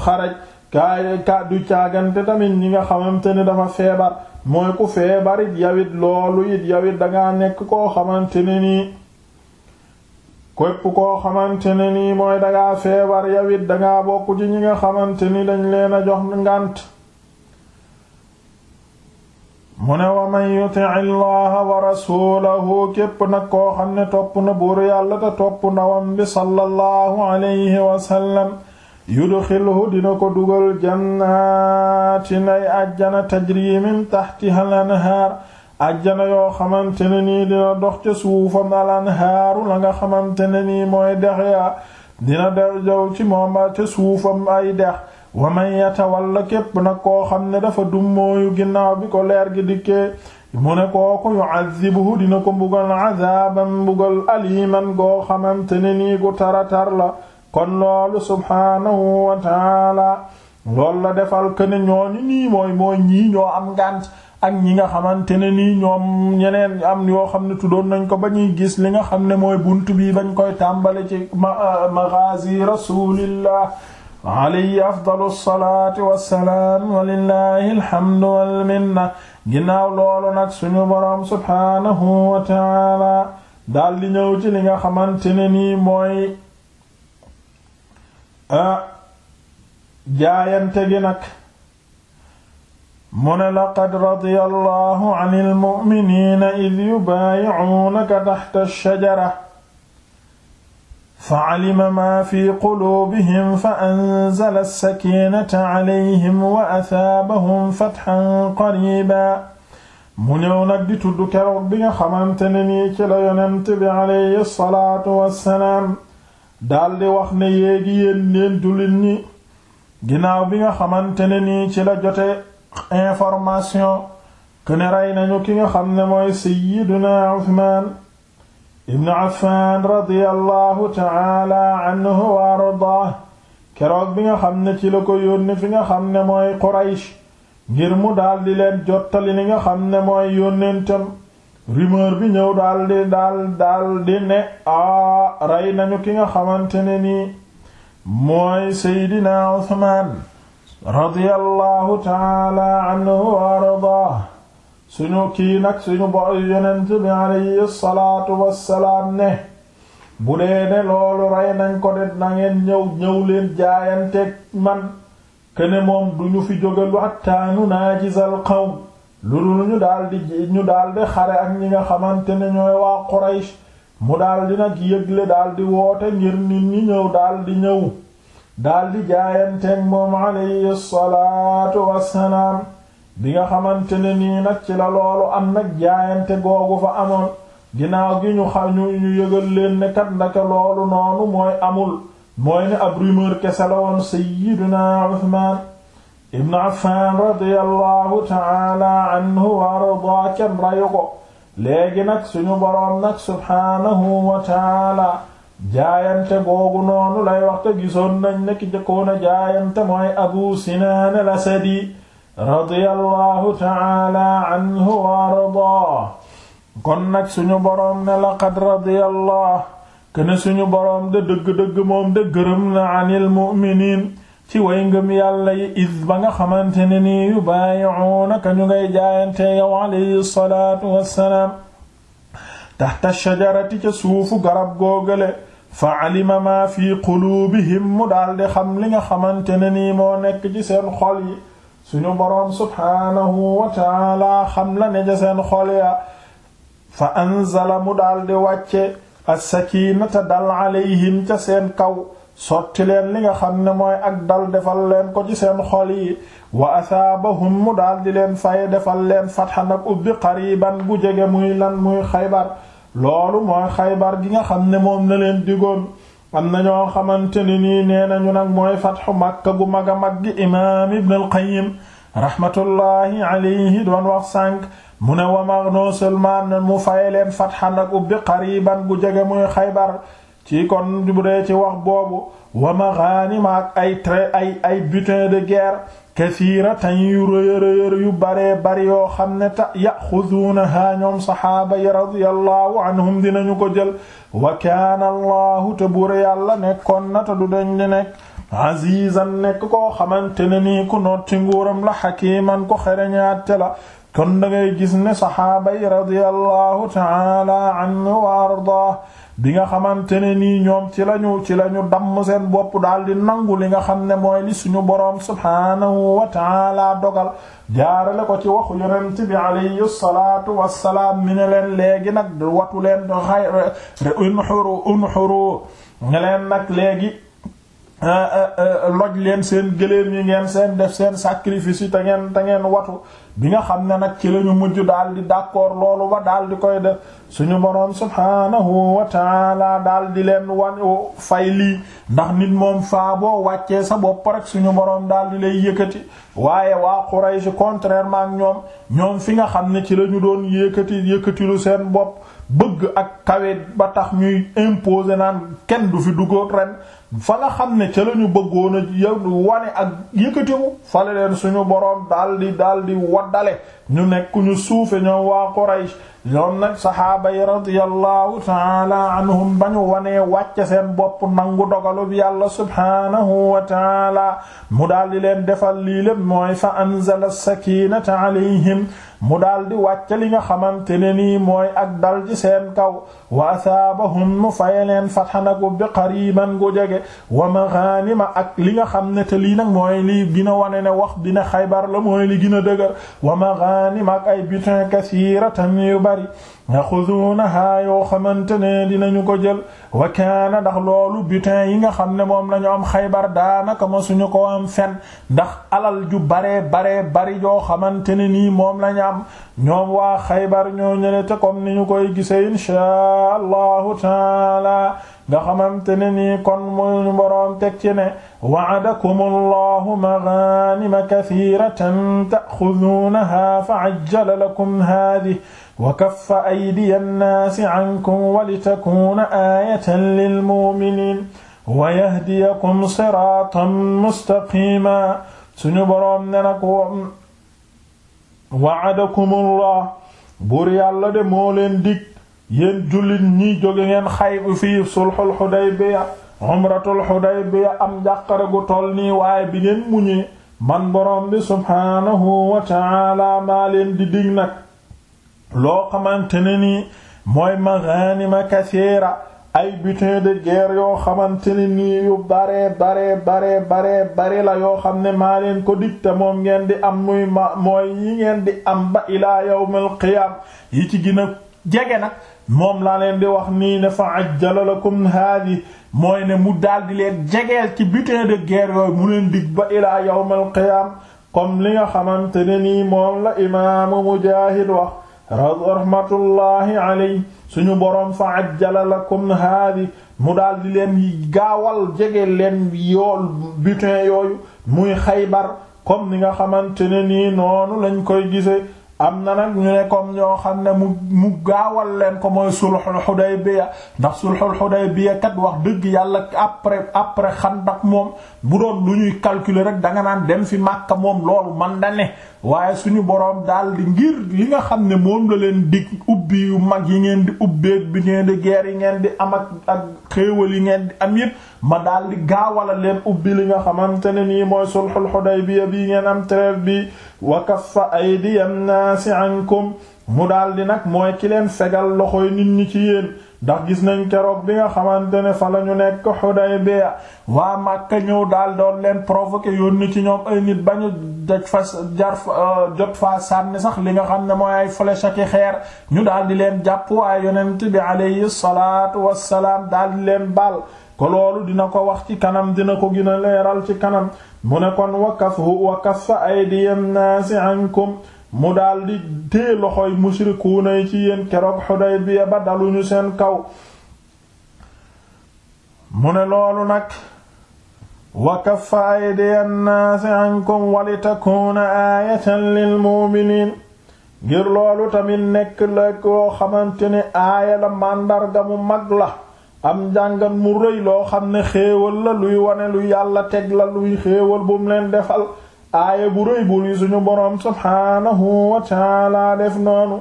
xaraj kaay ka du caagante tamit ñi nga xamante ne dafa feebar mooy ku feebarit yawit loolu it yawit da nekk koo xamante ne nii képp koo xamante ne nii mooy dangaa feebar yawit dangaa bokk ci ñi dañ leen a jox ngànt mu ne wa man yuti wa rasulahu képp nag koo xam ne topp na buur yàlla te topp ndawam bi sallallahu alayhi wasallam yudxilhu dina ko dugal jannaatin ay ajjana tajri min taxtiha ajjana yoo xamante ne nii dina dox ca suufam alanhaaru la nga xamante ne nii mooy dex ya dina der jaw ci moom ca suufam ay dex wa man yatawalla képp nag koo xam ne dafa dummóoyu ginnaaw bi ko leer gi dikkee mu ne kooku yu'azzibuhu dina ko mbugal azaaban mbugal aliman goo xamante ne nii gu taratar la kon loolu subhaanahu wa taala loolu la defal këne ñooñu nii mooy ñii ñoo am ngànt ak ñi nga xamante ne nii ñoom ñeneen am yoo xam ne tuddoon nañ ko ba ñuy gis li nga xam ne mooy bunt bi bañ koy tàmbale ci euh, maghazi rasulillah alayhi afdalu lsalati wassalaam walillahi alhamdu walminna ginnaaw lool nag suñu boroom subhaanahu wa taala daal di ñëw ci li nga xamante ne nii mooy euh, jaayante gi nag mu ne laqad radiya allahu an almu'miniina id yubaayi'uunaka taxta shajara fa calima maa fi quluubihim fa anzala sakiinata calayhim wa asaabahum fatxan qariiba mu ñëw nag di tudd keroog bi nga xamante ne nii ci la yonent bi alayhi salaatu wassalaam daldi wax ne yéegi yéen leen jullit ñi ginnaaw bi nga xamante ne nii ci la jote information que ne rey nañu ki nga xam ne mooy sayyiduna Usmaan ibn Affaan radiyallahu ta'ala anhu wa ardaah keroog bi nga xam ne ci la ko yónni fi nga xam ne mooy Quraysh ngir mu dal di leen jottali li nga xam ne mooy yónnentam rumeur bi ñëw daldi daal daldi ne aa rey nañu ki nga xamante ne nii mooy seydina Usmaan radiyallahu taala anhu wa ardaah suñu kii nag suñu bo yonent bi alayhi salaatu wassalaam ne bu dee ne loolu rey nañ ko det na ñëw ñëw leen jaayanteeg man kene moom duñu fi jógalu hatta nunaajizal qawm lu dul ñu daldi ñu daldi xare ak ñi nga xamante ne ñooy waa Quraysh mu daldi nag daal di woote ngir nit ñëw daal di ñëw daal di jaayanteeg moom alayhi salaatu wassalaam bi nga xamante ne nii nag ci la loolu am nag jaayante googu fa amoon ginnaaw gi ñu xam ñu ñu yëgal leen ne kat ndaka loolu noonu mooy amul mooy ne ab rumeur kese la woon sayyiduna Uthman ibn Affan radiyallahu ta'ala anhu wa ardaa kenn rayu ko léegi nag suñu boroom subhaanahu wa ta'ala jaayante googu noonu lay waxta gisoon nañ nekk jëkkoon a jaayante mooy abu sinaan al-asadi radiyallahu ta'ala anhu wa ardaa kon nag suñu boroom ne laqad radiyallahu kene suñu boroom de dëgg-dëgg moom de gërëm na anil ci way ngëm yàlla yi is ba nga xamante ne nii yu baayi'uunaka ñu ngay jaayante yow alayhi salaatu wassalaam tahta shajarati ca suufu garab googale fa alima maa fi quluubihim mu daldi xam li nga xamante ne nii moo nekk ci seen xol yi suñu boroom subhaanahu wa taala xam la ne ja seen xol ya fa anzala mu daldi wàcce assakiinata dal alayhim ca seen kaw sotti leen li nga xam ne mooy ak dal defal leen ko ci seen xol yi wa asaabahum mu daldi leen fay defal leen fathan ak ubbi qariiban bu jege muy lan muy xaybar loolu mooy xaybar gi nga xam ne moom na leen digoon am na ñoo xamante ne nii nee nañu nag mooy fatxu Makka gu mag a mag gi imaam Ibn al-Qayyim rahmatullahi alayhi doon wax sànq mu ne wama non seulement na mu fay leen fatxa nag ubbi qariban gu jege muy xaybar ci kon bu dee ci wax boobu wa maghanima ak ay ay ay butin de guerre kasiiratan yu rëy yu baree bari yoo xam ne ta yaxuduunahaa ñoom saxaaba yi radiyallahu anhum dinañu ko jël wa kaana allahu te buur yàlla nekkoon na te du deñ di nekk azizan nekk koo xamante ne nii ku notti nguuram la xakiiman ko xereñaatte la kon da ngay gis ne saxaaba yi radiyallahu taala anhu wa ardaah bi nga xamante ne nii ñoom ci lañu ci lañu damm seen bopp daal di nangu li nga xam ne mooy li suñu boroom subhaanahu wa taala dogal jaarale ko ci waxu yonent bi alayhi salaatu salaam mi ne leen léegi nag watu leen xay unxuru unxuru ne leen nag léegi Euh, euh, euh, loj leen seen gëléem yi ngeen seen def seen sacrifice yi te ngeen te ngeen watu bi nga xam ne nag ci lañu mujj daal di d'accord loolu ba daal di koy def suñu boroom subhaanahu wa taala daal di leen wan oh, fay lii ndax nit moom faa boo wàccee sa bopp rek suñu boroom daal di lay yëkkati waaye waa Quraysh contrairement ak ñoom ñoom fi nga xam ne ci lañu doon yëkkati yëkkatilu seen bopp bëgg ak kawe ba tax ñuy imposer naan kenn du fi duggoon ren fa nga xam ne ca la ñu bëggoon a wane ak yëkkatiku fale leen suñu boroom daldi daldi waddale ñu nekk ñu suufe ñoom waa Quraysh ñoom nag saxaaba yi radiyallahu taala anhum ba ñu wanee wàcce seen bopp nangu dogalu bi yàlla subhaanahu wa taala mu daal di leen defal lii lépp mooy fa anzala sakiinata alayhim mu daal di wàcce li nga xamante ne nii mooy ak dal ci seen kaw wa asaabahum mu faye leen fatxanaku bi qariban gu jege wa maghanima ak li nga xam ne lii nag mooy lii gina wane ne wax dina xaybar la mooy li gën a wa maghanima ak ay butin kasiiratan bari yaxuduunahaa yoo xamante ne dinañu ko jël wa kaana ndax loolu butin yi nga xam ne moom lañu am xaybar daanaka ma suñu ko am fen ndax alal ju baree baree bari yoo xamante ne nii moom lañu am ñoom waa xaybar ñoo ñële te comme ni ñu koy gisee inshaa allahu taala nga xamante ne nii kon mu boroom teg ci ne wa'adakumu allahu maghanima kathiratan ta'khuduunaha fa'ajjala lakum haadihi wa kaffa aydiya nnaasi ankum wa litakuuna aayatan lilmu'miniin wa yahdiyakum siraatan mustaqiima suñu boroom ne nag wa'adakumullah buur yàlla de moo leen dig yéen jullit ñi jóge ngeen xaybu fii sulhul Hudaybiya umratul Hudaybiya am njàqare gu toll nii waaye bi ngeen muñee man boroom bi subhaanahu wa ta'aala maa leen di dig nag loo xamante ne nii mooy maghanima kaseera ay butin de guerre yoo xamante ne nii yu bare bare bare bare bare la yoo xam ne maa leen ko dig te moom ngeen di am muy ma mooy yi ngeen di am ba ilaa yawmal qiyaam yi ci gën jege nag moom laa leen di wax nii ne fa ajjala lakum haadi mooy ne mu daldi leen jegeel ci butin de ger yooyu mu leen dig ba ila yawmal qiyaam comme li nga xamante ne nii moom la imaamu Mujaahid wax rahmatullahi aley suñu boroom fa ajjala lakum haadi mu daal di leen gaawal jege leen yool butin yooyu muy xaybar comme ni nga xamante ne nii noonu lañ koy gise am na nag ñu ne comme ñoo xam ne mu mu gaawal leen ko mooy sulhul Hudaybiya ndax sulhul Hudaybiya kat wax dëgg yàlla après après Xandaq moom bu doon du ñuy calculer rek da nga naan dem fi Makka moom loolu man da ne waaye suñu boroom daal ngir yi nga xam ne moom la leen dig ubbi yu mag yi ngeen di ubbeeg bi ngeen di geer yi ngeen di am ak ak xéewal yi ngeen di am yépp ma daal di gaawala leen ubbi li nga xamante ne nii mooy sulhul Hudaybiya bi ngeen am trêve bi wa kaffa aydiyan naasi ankum mu daal di nag mooy ki leen fegal loxoy nit ñi ci yéen ndax gis nañ keroog bi nga xamante ne fa la ñu nekk Hudaybiya waa Màkka ñëw daal doon leen provoquer yónni ci ñoom ay nit bañu daj fa jar euh, jot fa sànni sax li nga xam ne mooy ay flèche ak xeer ñu daal di leen jàpp waa yonent bi alayhi salaatu wassalaam daal di leen bal ko loolu dina ko wax ci kanam dina ko gina a leeral ci kanam mu ne kon wakaf hu wakaf fa aydiyan naasi ankum mu daldi téye loxoy musrikuuna yi ci yéen keroog Xudaybiya ba daluñu seen kaw mu ne loolu nag wa kaffa aydiya nnaasi ankum wa litakuuna aayatan lil mu'miniin ngir loolu tamit nekk la koo xamante ni aaya la màndarga mu mag la am njàngat mu rëy loo xam ne xéewal la luy wane lu yàlla teg la luy xéewal bu leen defal aaya bu rëy bu li suñu boroom subhaanahu wa taala def noonu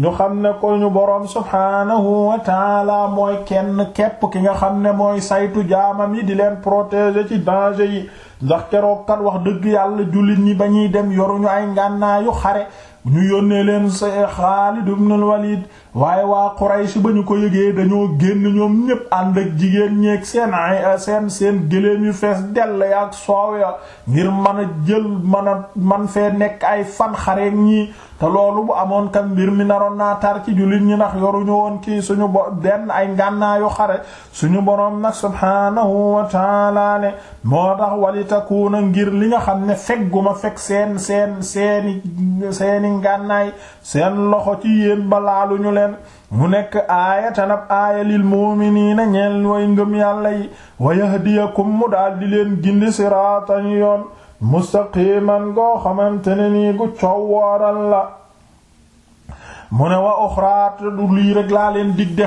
ñu xam ne ko ñu boroom subhaanahu wa taala mooy kenn képp ki nga xam ne mooy saytu jaamam yi di leen protéger ci danger yi ndax keroog kat wax dëgg yàlla jullit ñi ba ñuy dem yoruñu ay ngànnaayu xare ñu yónnee leen Xaalid ibn al Walid waaye waa Quraysh ba ñu ko yëgee dañoo génn ñoom ñépp ànd ak jigéen ñeeg seen ay eh, seen seen gëléem yu fees dell ya ak soow ya ngir mën a jël mën a man fee nekk ay fan xareek ñii te loolu bu amoon kan mbir mi naroon naa tar ci julit ñi ndax yoruñu woon kii suñu bo benn ay ngànnaayu xare suñu boroom nag subhaanahu wa taala ne moo tax walitakuuna ngir li nga xam ne fegguma fekk seen seen seeni seeni ngànnaay seen loxo ci yéen balaaluñu leen mu nekk aayatan ab aaya lil mu'miniina ñeel way ngëm yàlla yi wa yahdiyakum mu daal di leen gindi siraatan yoon mustaqiman goo xamante ne nii gu cowwooral la mu ne wa uxraa du lii rek laa leen dig de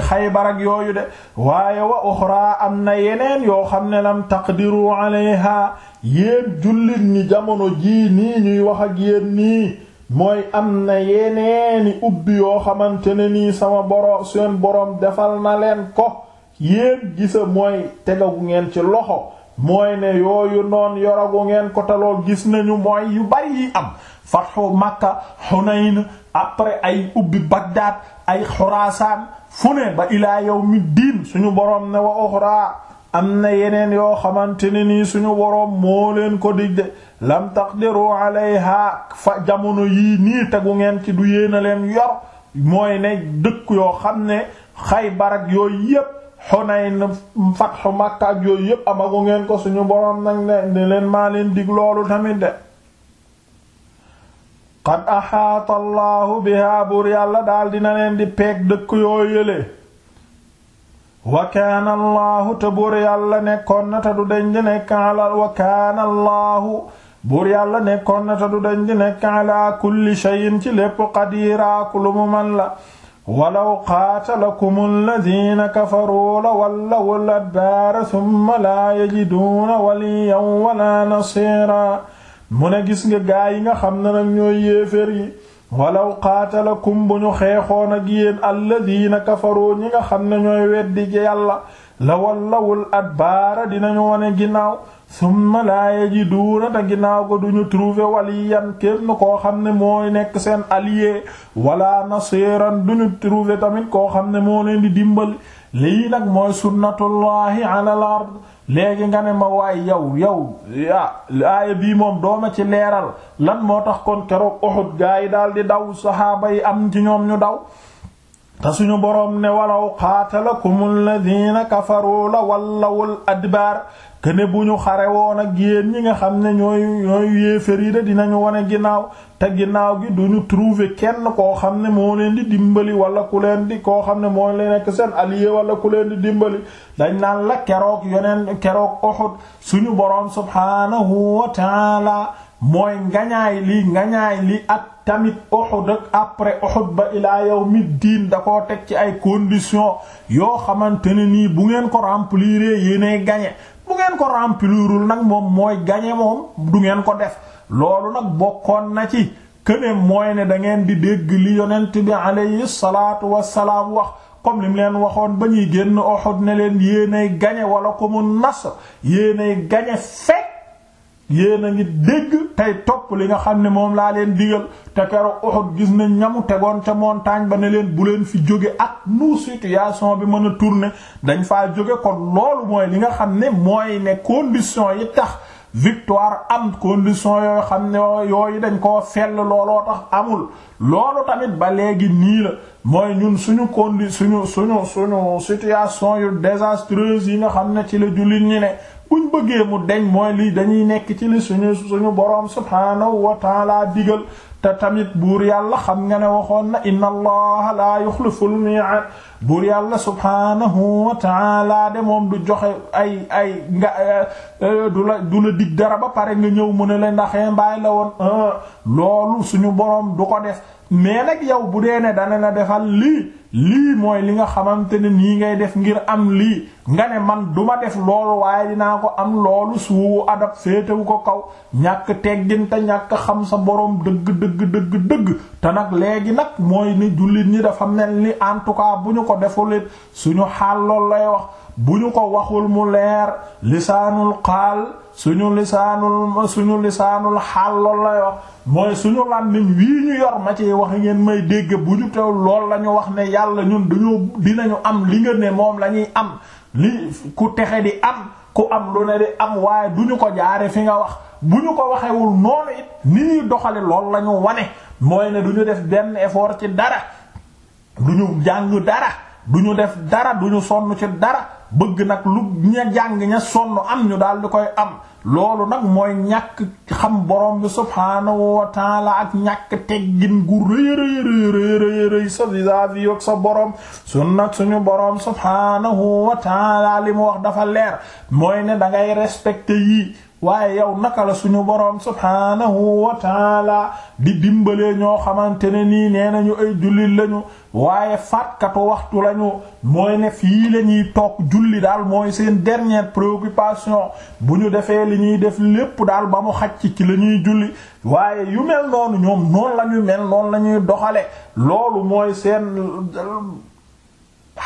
yooyu de waaye wa uxraa am na yeneen yoo xam ne lam taqdiru alayha yéen jullit ñi jamono jii nii ñuy wax ak nii mooy am na yeneeni ubbi yoo xamante ne nii sama boroom seen boroom defal na leen ko yéen gisa mooy tegagu ngeen ci loxo mooy ne yooyu noon yoragu ngeen ko taloo gis nañu mooy yu bari yi am fathu Makka Hunayn après ay ubbi Bagdad ay Xuraasaan fu ne ba ilaa mi diin suñu borom ne wa uxraa am na yeneen yoo xamante ne nii suñu woroom moo leen ko dig de lam taqdiru alayha fa jamono yii nii tegu ngeen ci du yéen a leen yor mooy ne dëkk yoo xam ne Xaybar ak yooyu yépp Xunayn fatxu Makka yooyu yépp amagu ngeen ko suñu boroom nag ne ne leen maa leen dig loolu tamit de qad axaata allahu biha yàlla daal dina leen di peeg dëkk yoo yële wa kaana allaahu te buur yàlla nekkoon na te du deñ di nekk ala wa kaana allaahu buur yàlla nekkoon na te du deñ di nekk ala kulli shay'in ci lépp qadiiraa lu mu man la walaw qaatalakumu alladiina kafaruu la wallawul adbaara summa laa yajiduuna waliyan walaa nasiiraa mu ne gis nga gaa yi nga xam ne nag ñooy yéefér yi walaw qaatalakum bu ñu xeexoon ak yéen alladiina kafaroo ñi nga xam ne ñooy weddi ci yàlla la wallawul adbaara dinañu wone ginnaaw summa laa yajiduuna te ginnaaw ko duñu trouver waliyan kenn koo xam ne moo nekk seen allié wala nasiran duñu trouver tamit koo xam ne moo leen di dimbal lii nag mooy sunnatullahi ala al ard léegi nga ne ma waay yow yow ah bii moom dooma ci leeral lan moo tax kon keroog Uhud gaa yi daal di daw saxaaba yi am ci ñoom ñu daw te suñu boroom ne walaw qaatalakum alladina kafaru la wallawul adbaar kene bu ñu xare woon ak yéen ñi nga xam ne ñooy ñooy yéefér yi de dinañu wone ginnaaw te ginnaaw gi du ñu trouver kenn koo xam ne moo leen di dimbali wala ku leen di koo xam ne moo leen nekk seen allié wala ku leen di dimbali dañ naan la keroog yoneen keroog Uhud suñu boroom subhaanahu wa mooy ngañaay li ngañaay li ak tamit Uhud ak après Uhud ba ilaa yawmiddiin da koo teg ci ay conditions yoo xamante ne nii bu ngeen ko remplir yéenay gañe bu ngeen ko remplirul nag moom mooy gañe moom du ngeen ko def loolu nag bokkoon na ci këne mooy ne da ngeen di dégg li yonent bi alayhi salaatu wassalaam wax comme lim leen waxoon ba ñuy génn Uhud ne leen yéenay gañe wala ko mu nas yéenay gañe fekk yéen a ngi dégg tey topp li nga xam ne moom laa leen digal te keroog Uhud gis nañ ñamu tegoon ca montagne ba ne leen bu leen fi jóge ak nu situation bi mën a tourner dañ faa jóge kon loolu mooy li nga xam ne mooy ne conditions yi tax victoire am condition yoo xam ne yooyu dañ koo fell looloo tax amul loolu tamit ba léegi nii mooy ñun suñu condi suñu suñu suñu situation yu désastreuse yi nga xam ne ci la jullit ñi ne buñ bëggee mu deñ mooy lii dañuy nekk ci li suñu suñu boroom subhaanahu wa taala digal te tamit buur yàlla xam nga ne waxoon na inna allaha la yuxliful mi'ad buur yàlla subhaanahu wa ta'ala de moom du joxe ay ay nga eh, eh, du la du la dig dara ba pare nga ñëw mu ne leen ndaxee mbaay la woon eh, loolu suñu boroom du ko def mais nag yow bu dee ne dana na defal lii lii mooy li nga xamante ne nii ngay def ngir am lii nga ne man duma def loolu waaye dinaa ko am loolu suuwu adab féetewu ko kaw ñàkk teggin te ñàkk xam sa boroom dëgg dëgg dëgg te nag léegi nag mooy ni jullit ñi dafa mel ni en bu ñu ko defulit suñu xaal lool lay wax bu ñu ko waxul mu leer lisaanul xaal suñu lisaanul suñu lisaanul xaal lool lay wax mooy suñu làmmiñ wii ñu yor ma ci wax ngeen may dégg bu ñu teew lool la ñu wax ne yàlla ñun dañoo dinañu am li nga ne moom la ñuy am li ku texe di am ku am lu ne di am waaye du ñu ko jaare fi nga wax bu ñu ko waxewul noonu it ni ñuy doxale lool lañu ñu wane mooy ne du ñu def benn effort ci dara du ñu jàng dara du ñu def dara du ñu sonn ci dara bëgg nag lu ña jàng ña sonn am ñu daal di koy am loolu nag mooy ñàkk xam borom bi subhaanahu wa taala ak ñàkk teggin gu rëy rëy rëy rëy sa vis-à-vis ak sa borom sun nag suñu borom subhaanahu wa taala li mu wax dafa leer mooy ne da ngay respecté yii. waaye yow naka la suñu boroom subhaanahu wa taala di dimbalee ñoo xamante ne nii nee nañu ay jullit lañu waaye faatkatu waxtu lañu mooy ne fii la ñuy toog julli daal mooy seen dernière préoccupation bu ñu defee li ñuy def lépp daal ba mu xacc ci lañuy julli waaye yu mel noonu ñoom noonu la ñu mel noonu la doxale loolu mooy seen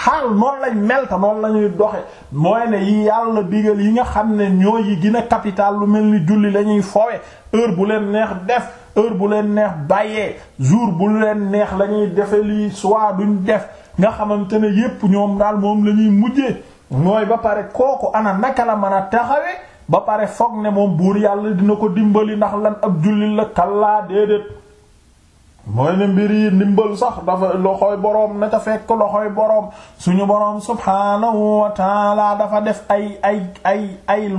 xaal noonu lañ melta noonu la doxe mooy ne yi yàlla digal yi nga xam ne ñoo yi gën a capital lu mel ni julli lañuy ñuy fowe heure bu leen neex def heure bu leen neex bàyyee jour bu leen neex la ñuy defe lii soit duñ def nga xamante ne yépp ñoom daal moom la ñuy mujjee mooy ba pare kooku ana naka la mën a taxawee ba pare foog ne moom buur yàlla dina ko dimbali ndax lan ab julli la kallaa déedéet mooy ne mbir yi ndimbal sax dafa loxoy boroom na ca fekk loxoy boroom suñu boroom subhaanahu wa taala dafa def ay ay ay ay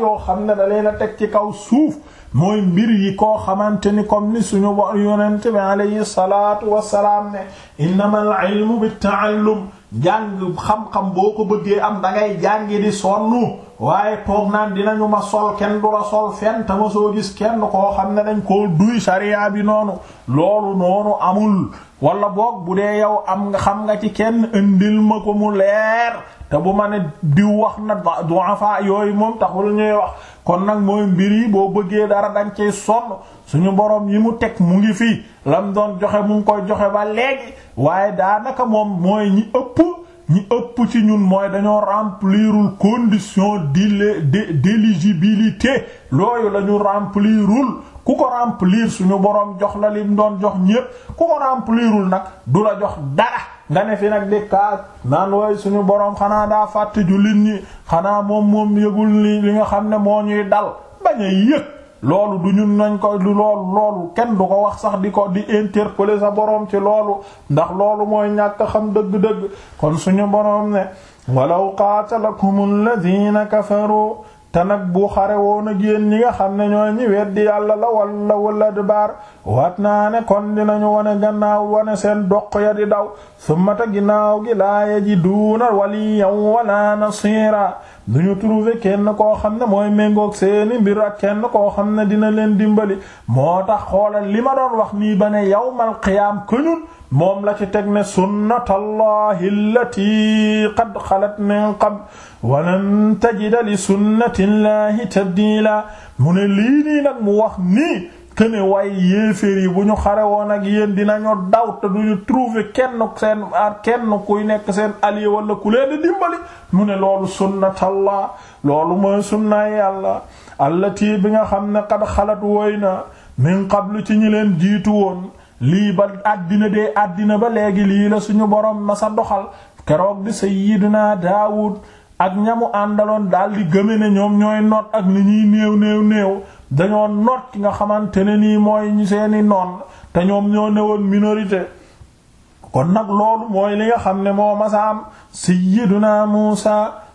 yoo xam ne da leen a teg ci kaw suuf mooy mbir yi koo xamante ni comme ni suñu yonent bi alayhi salaatu wassalaam ne innamal ilmu bit ta'allum jàng xam-xam boo ko bëggee am da ngay jàngi di sonn waaye toog naan dinañu ma sol kenn du la sol fenn te ma soo gis kenn koo xam ne dañ koo duy sariya bi noonu loolu noonu amul wala boog bu dee yow am nga xam nga ci kenn indil ma ko mu leer te bu ma ne diw wax na du'afa yooyu moom taxul ñuy wax kon nag mooy mbir yi boo bëggee dara dañ ciy sonn suñu borom yi mu teg mu ngi fii lam doon joxe mu ngi koy joxe ba léegi waaye daanaka moom mooy ñi ëpp ñi ëpp ci ñun mooy dañoo remplirul condition d'éligibilité looyu lañu ñu remplirul ku ko remplir suñu boroom jox la lim doon jox ñépp ku ko remplirul nag du la jox dara nga ne fi nag di kaas naan way suñu boroom xanaa daa fàtte jullit ñi xanaa moom moom yëgul li li nga xam ne moo ñuy dal bañ a yëg loolu du ñun nañ ko du loolu loolu kenn du ko wax sax di ko di interpeller sa boroom ci loolu ndax loolu mooy ñàkk xam dëgg-dëgg kon suñu boroom ne walaw qaatalakum alladhina kafaru te nag bu xare woon ak yéen ñi nga xam ne ñooy ñi weddi yàlla la walla walla adbaar waat naa ne kon dinañu wane gannaaw wane seen doq ya di daw summa ginnaaw gi laa yajiduuna waliyan wala nasiira du ñu trouver kenn koo xam ne mooy méngoog seeni mbir ak kenn koo xam ne dina leen dimbali moo tax xoolal li ma doon wax nii ba ne yawmal qiyaam ko ñun moom la ci teg ne sunnatallahi allati qad xalat min qabl walan tajida li sunnatillahi tabdiila mu ne lii nii nag mu wax nii këne waaye yéeféer yi bu ñu xare woon ak yéen dinañu daw te duñu trouver kenn seen kenn kuy nekk seen allié wala ku leen di dimbali mu ne loolu sunnatallah loolu mooy sunnaay yàlla allati bi nga xam ne qad xalat woy na min qablu ci ñi leen jiitu woon lii ba àddina dee àddina ba léegi lii la suñu borom ma sa doxal keroog bi sayyidina Daawud ak ñamu àndaloon daal di gëme ne ñoom ñooy noot ak ni ñuy néew néew néew dañoo noot ki nga xamante ne nii mooy ñu seeni noon te ñoom ñoo ne woon minorité kon nag loolu mooy li nga xam ne moo masaam sayyiduna Muusa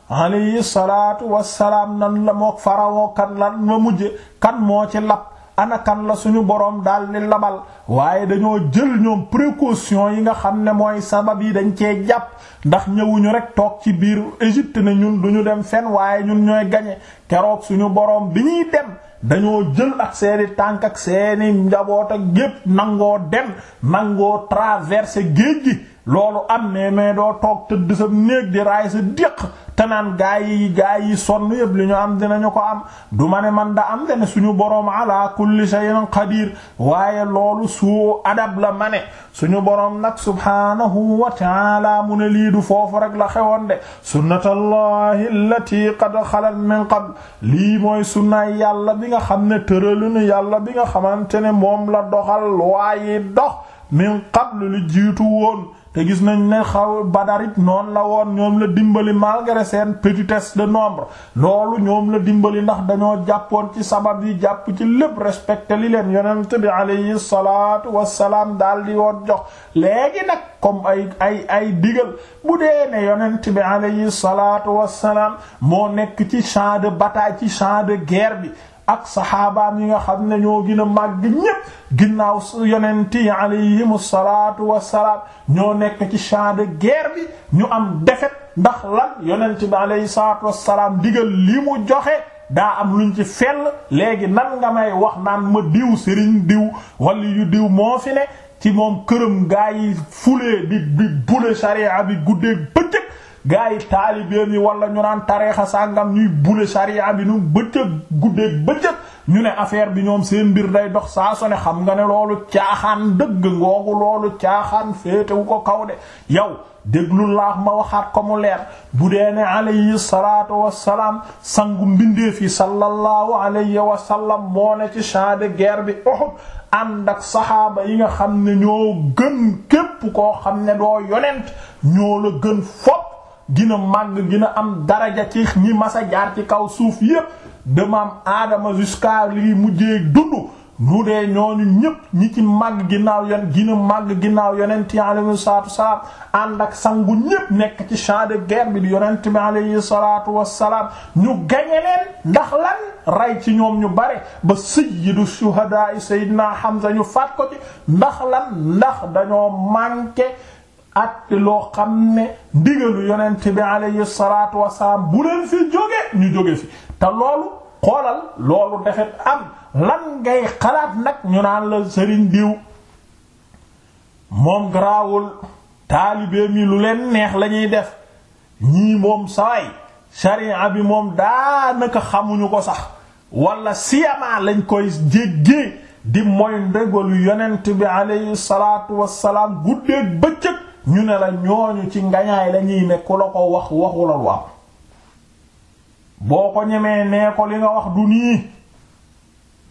alayhi salaatu wassalaam nan la moo farawo kan la ma mujje kan moo ci lap anakan la suñu boroom daal di labal waaye dañoo jël ñoom précaution yi nga xam ne mooy sabab yi dañ cee jàpp ndax ñëwuñu rek toog ci biir Égypte ne ñun duñu dem fenn waaye ñun ñooy gañe keroog suñu boroom bi ñuy dem dañoo jël ak seeni tànkak seeni njaboot ak gépp nangoo dem nangoo traverser géej gi loolu am ne mais doo toog tëdd sa néeg di raay sa déq te naan gaa yi gaa yi sonn yëpp li ñu am dinañu ko am du mane man da am de ne suñu boroom ala kulli shay'in qadir waaye loolu suu adab la mane suñu borom nag subhanahu wa ta'ala mu ne lii du foofu rek la xewoon de sunnatallahi allati qad xalat min qabl lii mooy sunnaay yàlla bi nga xam ne tëralu nu yàlla bi nga xamante ne moom la doxal waaye dox min qabl lu jiitu woon te gis nañ ne xaw badarit noonu la woon ñoom la dimbali malgré seen petitesse de nombre loolu ñoom la dimbali ndax dañoo jàppoon ci sabab yi jàpp ci lépp respecté li leen yonent bi alayhi salaatu wassalaam daal di woon jox leegi nag comme ay ay ay digal bu dee ne yonent bi alayhi salaatu wassalaam moo nekk ci champ de ci champ de bi ak saxaabaam yi nga xam ne ñoo gën a màgg ñépp ginnaaw yonent yi alayhimu salaatu wassalaam ñoo nekk ci champ de ñu am defet ndax lan yonent bi alayhi salaatu wassalaam digal li mu joxe daa am luñ ci fell léegi nan nga may wax naan ma diw sëriñ diw walla yu diw moo fi moom këram gaa yi fulee di bule sariya bi guddee bëccëg gars yi yi wala ñu naan tareexa sàngam ñuy bule sariya bi nu bëccëg guddeeg bëccëg ñu ne affaire bi ñoom seen mbir day dox saaso ne xam nga ne loolu caaxaan dëgg ngoogu loolu caaxaan féetewu ko kaw de yow déglu laax ma waxaat ko mu leer bu dee ne alayhi salaatu wassalaam sangu mbindeef yi sallallahu alayhi wa sallam moo ne ci champ de bi Uhud ànd ak saxaaba yi nga xam ne ñoo gën képp koo xam ne doo yonent ñoo la gën fopp gina màgg gina am daraja ci ñi masa jaar ci kaw suuf yépp de maam aadama jusqu'à li mujjee dund lu dee ñooñu ñépp ñi ci màgg ginnaaw yon gina màgg ginnaaw yonent yi alayhi salaatu wasalaam ànd ak sangu ñépp nekk ci champ de guerre bi di yonent bi alayhi salaatu wasalaam ñu gañe ndax lan rey ci ñoom ñu bare ba sayyidu shuhadaa sayyidina Hamza ñu faat ko ci ndax lan ndax dañoo manqué atte loo xam ne ndigalu yonent bi alayhi salaatu wasalaam bu leen fi jóge ñu jóge fi te loolu xoolal loolu defet am lan ngay xalaat nag ñu naan la sëriñ diw moom grawul taalibe mi lu leen neex lañuy def ñii moom saway sharia bi moom daa daanaka xamuñu ko sax wala siyamaa lañ koy jéggee di mooy ndegalu yonent bi alayhi salaatu wasalaam guddeeg bëccëg ñu ne la ñooñu ci ngañaay lañuy ne ku ko wax waxula lu am boo ko ñemee nee ko li nga wax du nii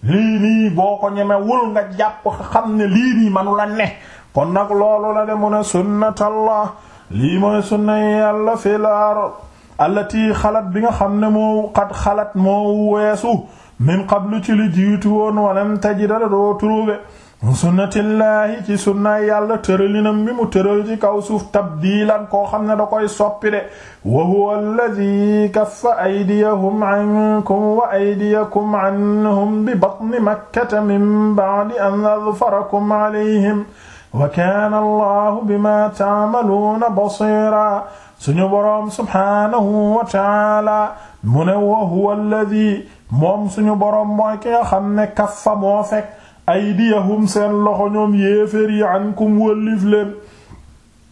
lii nii boo ko ñemee wul nga jàpp xam ne lii nii manula ne kon nag loolu la de mu ne sunnatallah lii mooy sunna yàlla fil ard allati xalat bi nga xam ne moo xat xalat moo weesu min qablu ci li jiitu woon walam tajida doo trouver sunnatillaahi ci sunnaay yàlla tëralinam bi mu tëral ci kaw suuf tabdiilan koo xam ne da koy soppi de wa huwa alladi kaffa aydiyahum ankum wa aydiyakum anhum bi batni makkata min ba'di an adfarakum alayhim wa kaana allahu bima taamaluuna basiira suñu boroom subhaanahu wa taala mu ne wa huwa alladi moom suñu boroom mooy ki nga xam ne kaffa moo fekk aydiyahum seen loxo ñoom yéeféer yi ankum wëllif leen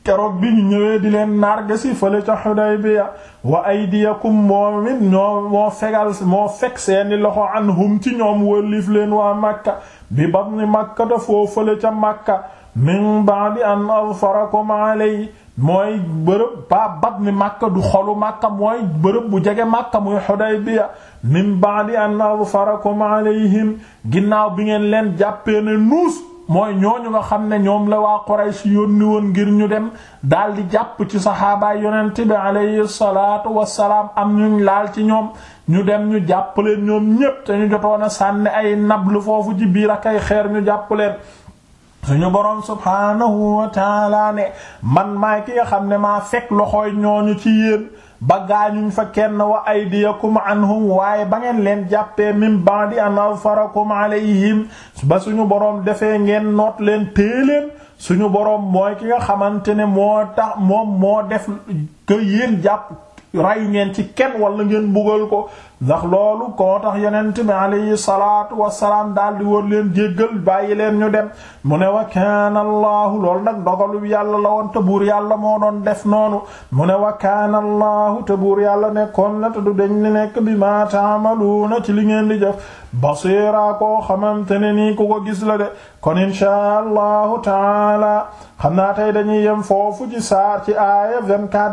keroog bi ñu ñëwee di leen narge si fële ca Xudaybiya wa aydiyakum moom it ñoo moo fegal moo fekk seeni loxo anhum ci ñoom wëllif leen waa Makka bi batni Makka foo fële ca Makka min ba'di an azfarakum alay mooy bërëb ba batni Makka du xolu Makka mooy bërëb bu jege Makka muy Xudaybiya min ba'di an azfarakum alayhim ginnaaw bi ngeen leen jàppee na nuus mooy ñooñu nga xam ne ñoom la waa Quraysh yónni woon ngir ñu dem daal di jàpp ci saxaabaay yonent bi alayhi salaatu wassalaam am ñu laal ci ñoom ñu dem ñu jàpp leen ñoom ñépp te ñu jotoon sànni ay nablu foofu ci biir ak xeer ñu jàpp leen suñu boroom subhaanahu wa taala ne man maay ki nga xam ne maa fekk loxooy ñooñu ci yéen ba gaañuñ fa kenn wa aydiyakum anhum waaye ba ngeen leen jàppee min ba'di an awfarakum alayhim ba suñu boroom defee ngeen noot leen téye leen suñu boroom mooy ki nga xamante moo tax moom moo def que yéen jàpp rayu ngeen ci kenn walla ngeen mbugal ko ndax loolu koo tax yonent bi alayhi salaatu wasalaam daal di war leen jéggal bàyyi leen ñu dem mu ne wa kaana allaahu loolu nag dogalu yàlla la woon te buur yàlla moo doon def noonu mu ne wa kaana allaahu te buur yàlla nekkoon na te du deñ li nekk bi maa taamaluuna ci li ngeen di jëf basiira koo xamante ne nii ku ko gis la de kon inshaa allahu dañuy yem foofu ci saar ci aaya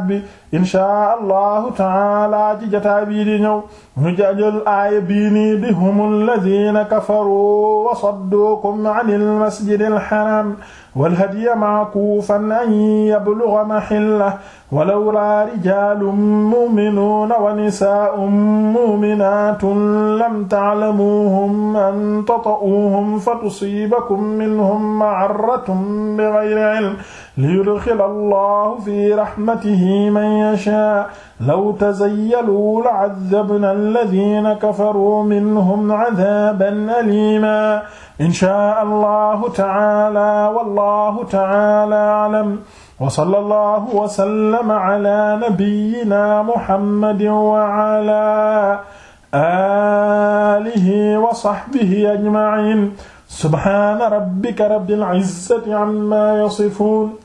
bi inshaa allahu taala ci jataa bii di ñëw ñu jajël aaya bii nii di humul ladina kafaru wa sadduukum anil masjidil haram wal hadiya ma'kuufan an yablugha mahillahu walawlaa rijaalun mu'minuuna wa nisaa'un mu'minaatun lam ta'lamuuhum an tata'uuhum fa tusiibakum minhum ma'arratun bighayri 'ilm liyudxil allahu fi raxmatihi man yashaa law tazayyalu la'azzabna alladina kafaru minhum azaaban alima inshaa allahu taala wallahu taala alam wa sallallahu wa sallama ala nabiyyina muhammadin wa ala alihi wa sahbihi ajma'in subhaana rabbika rabbil izzati amma yasifuun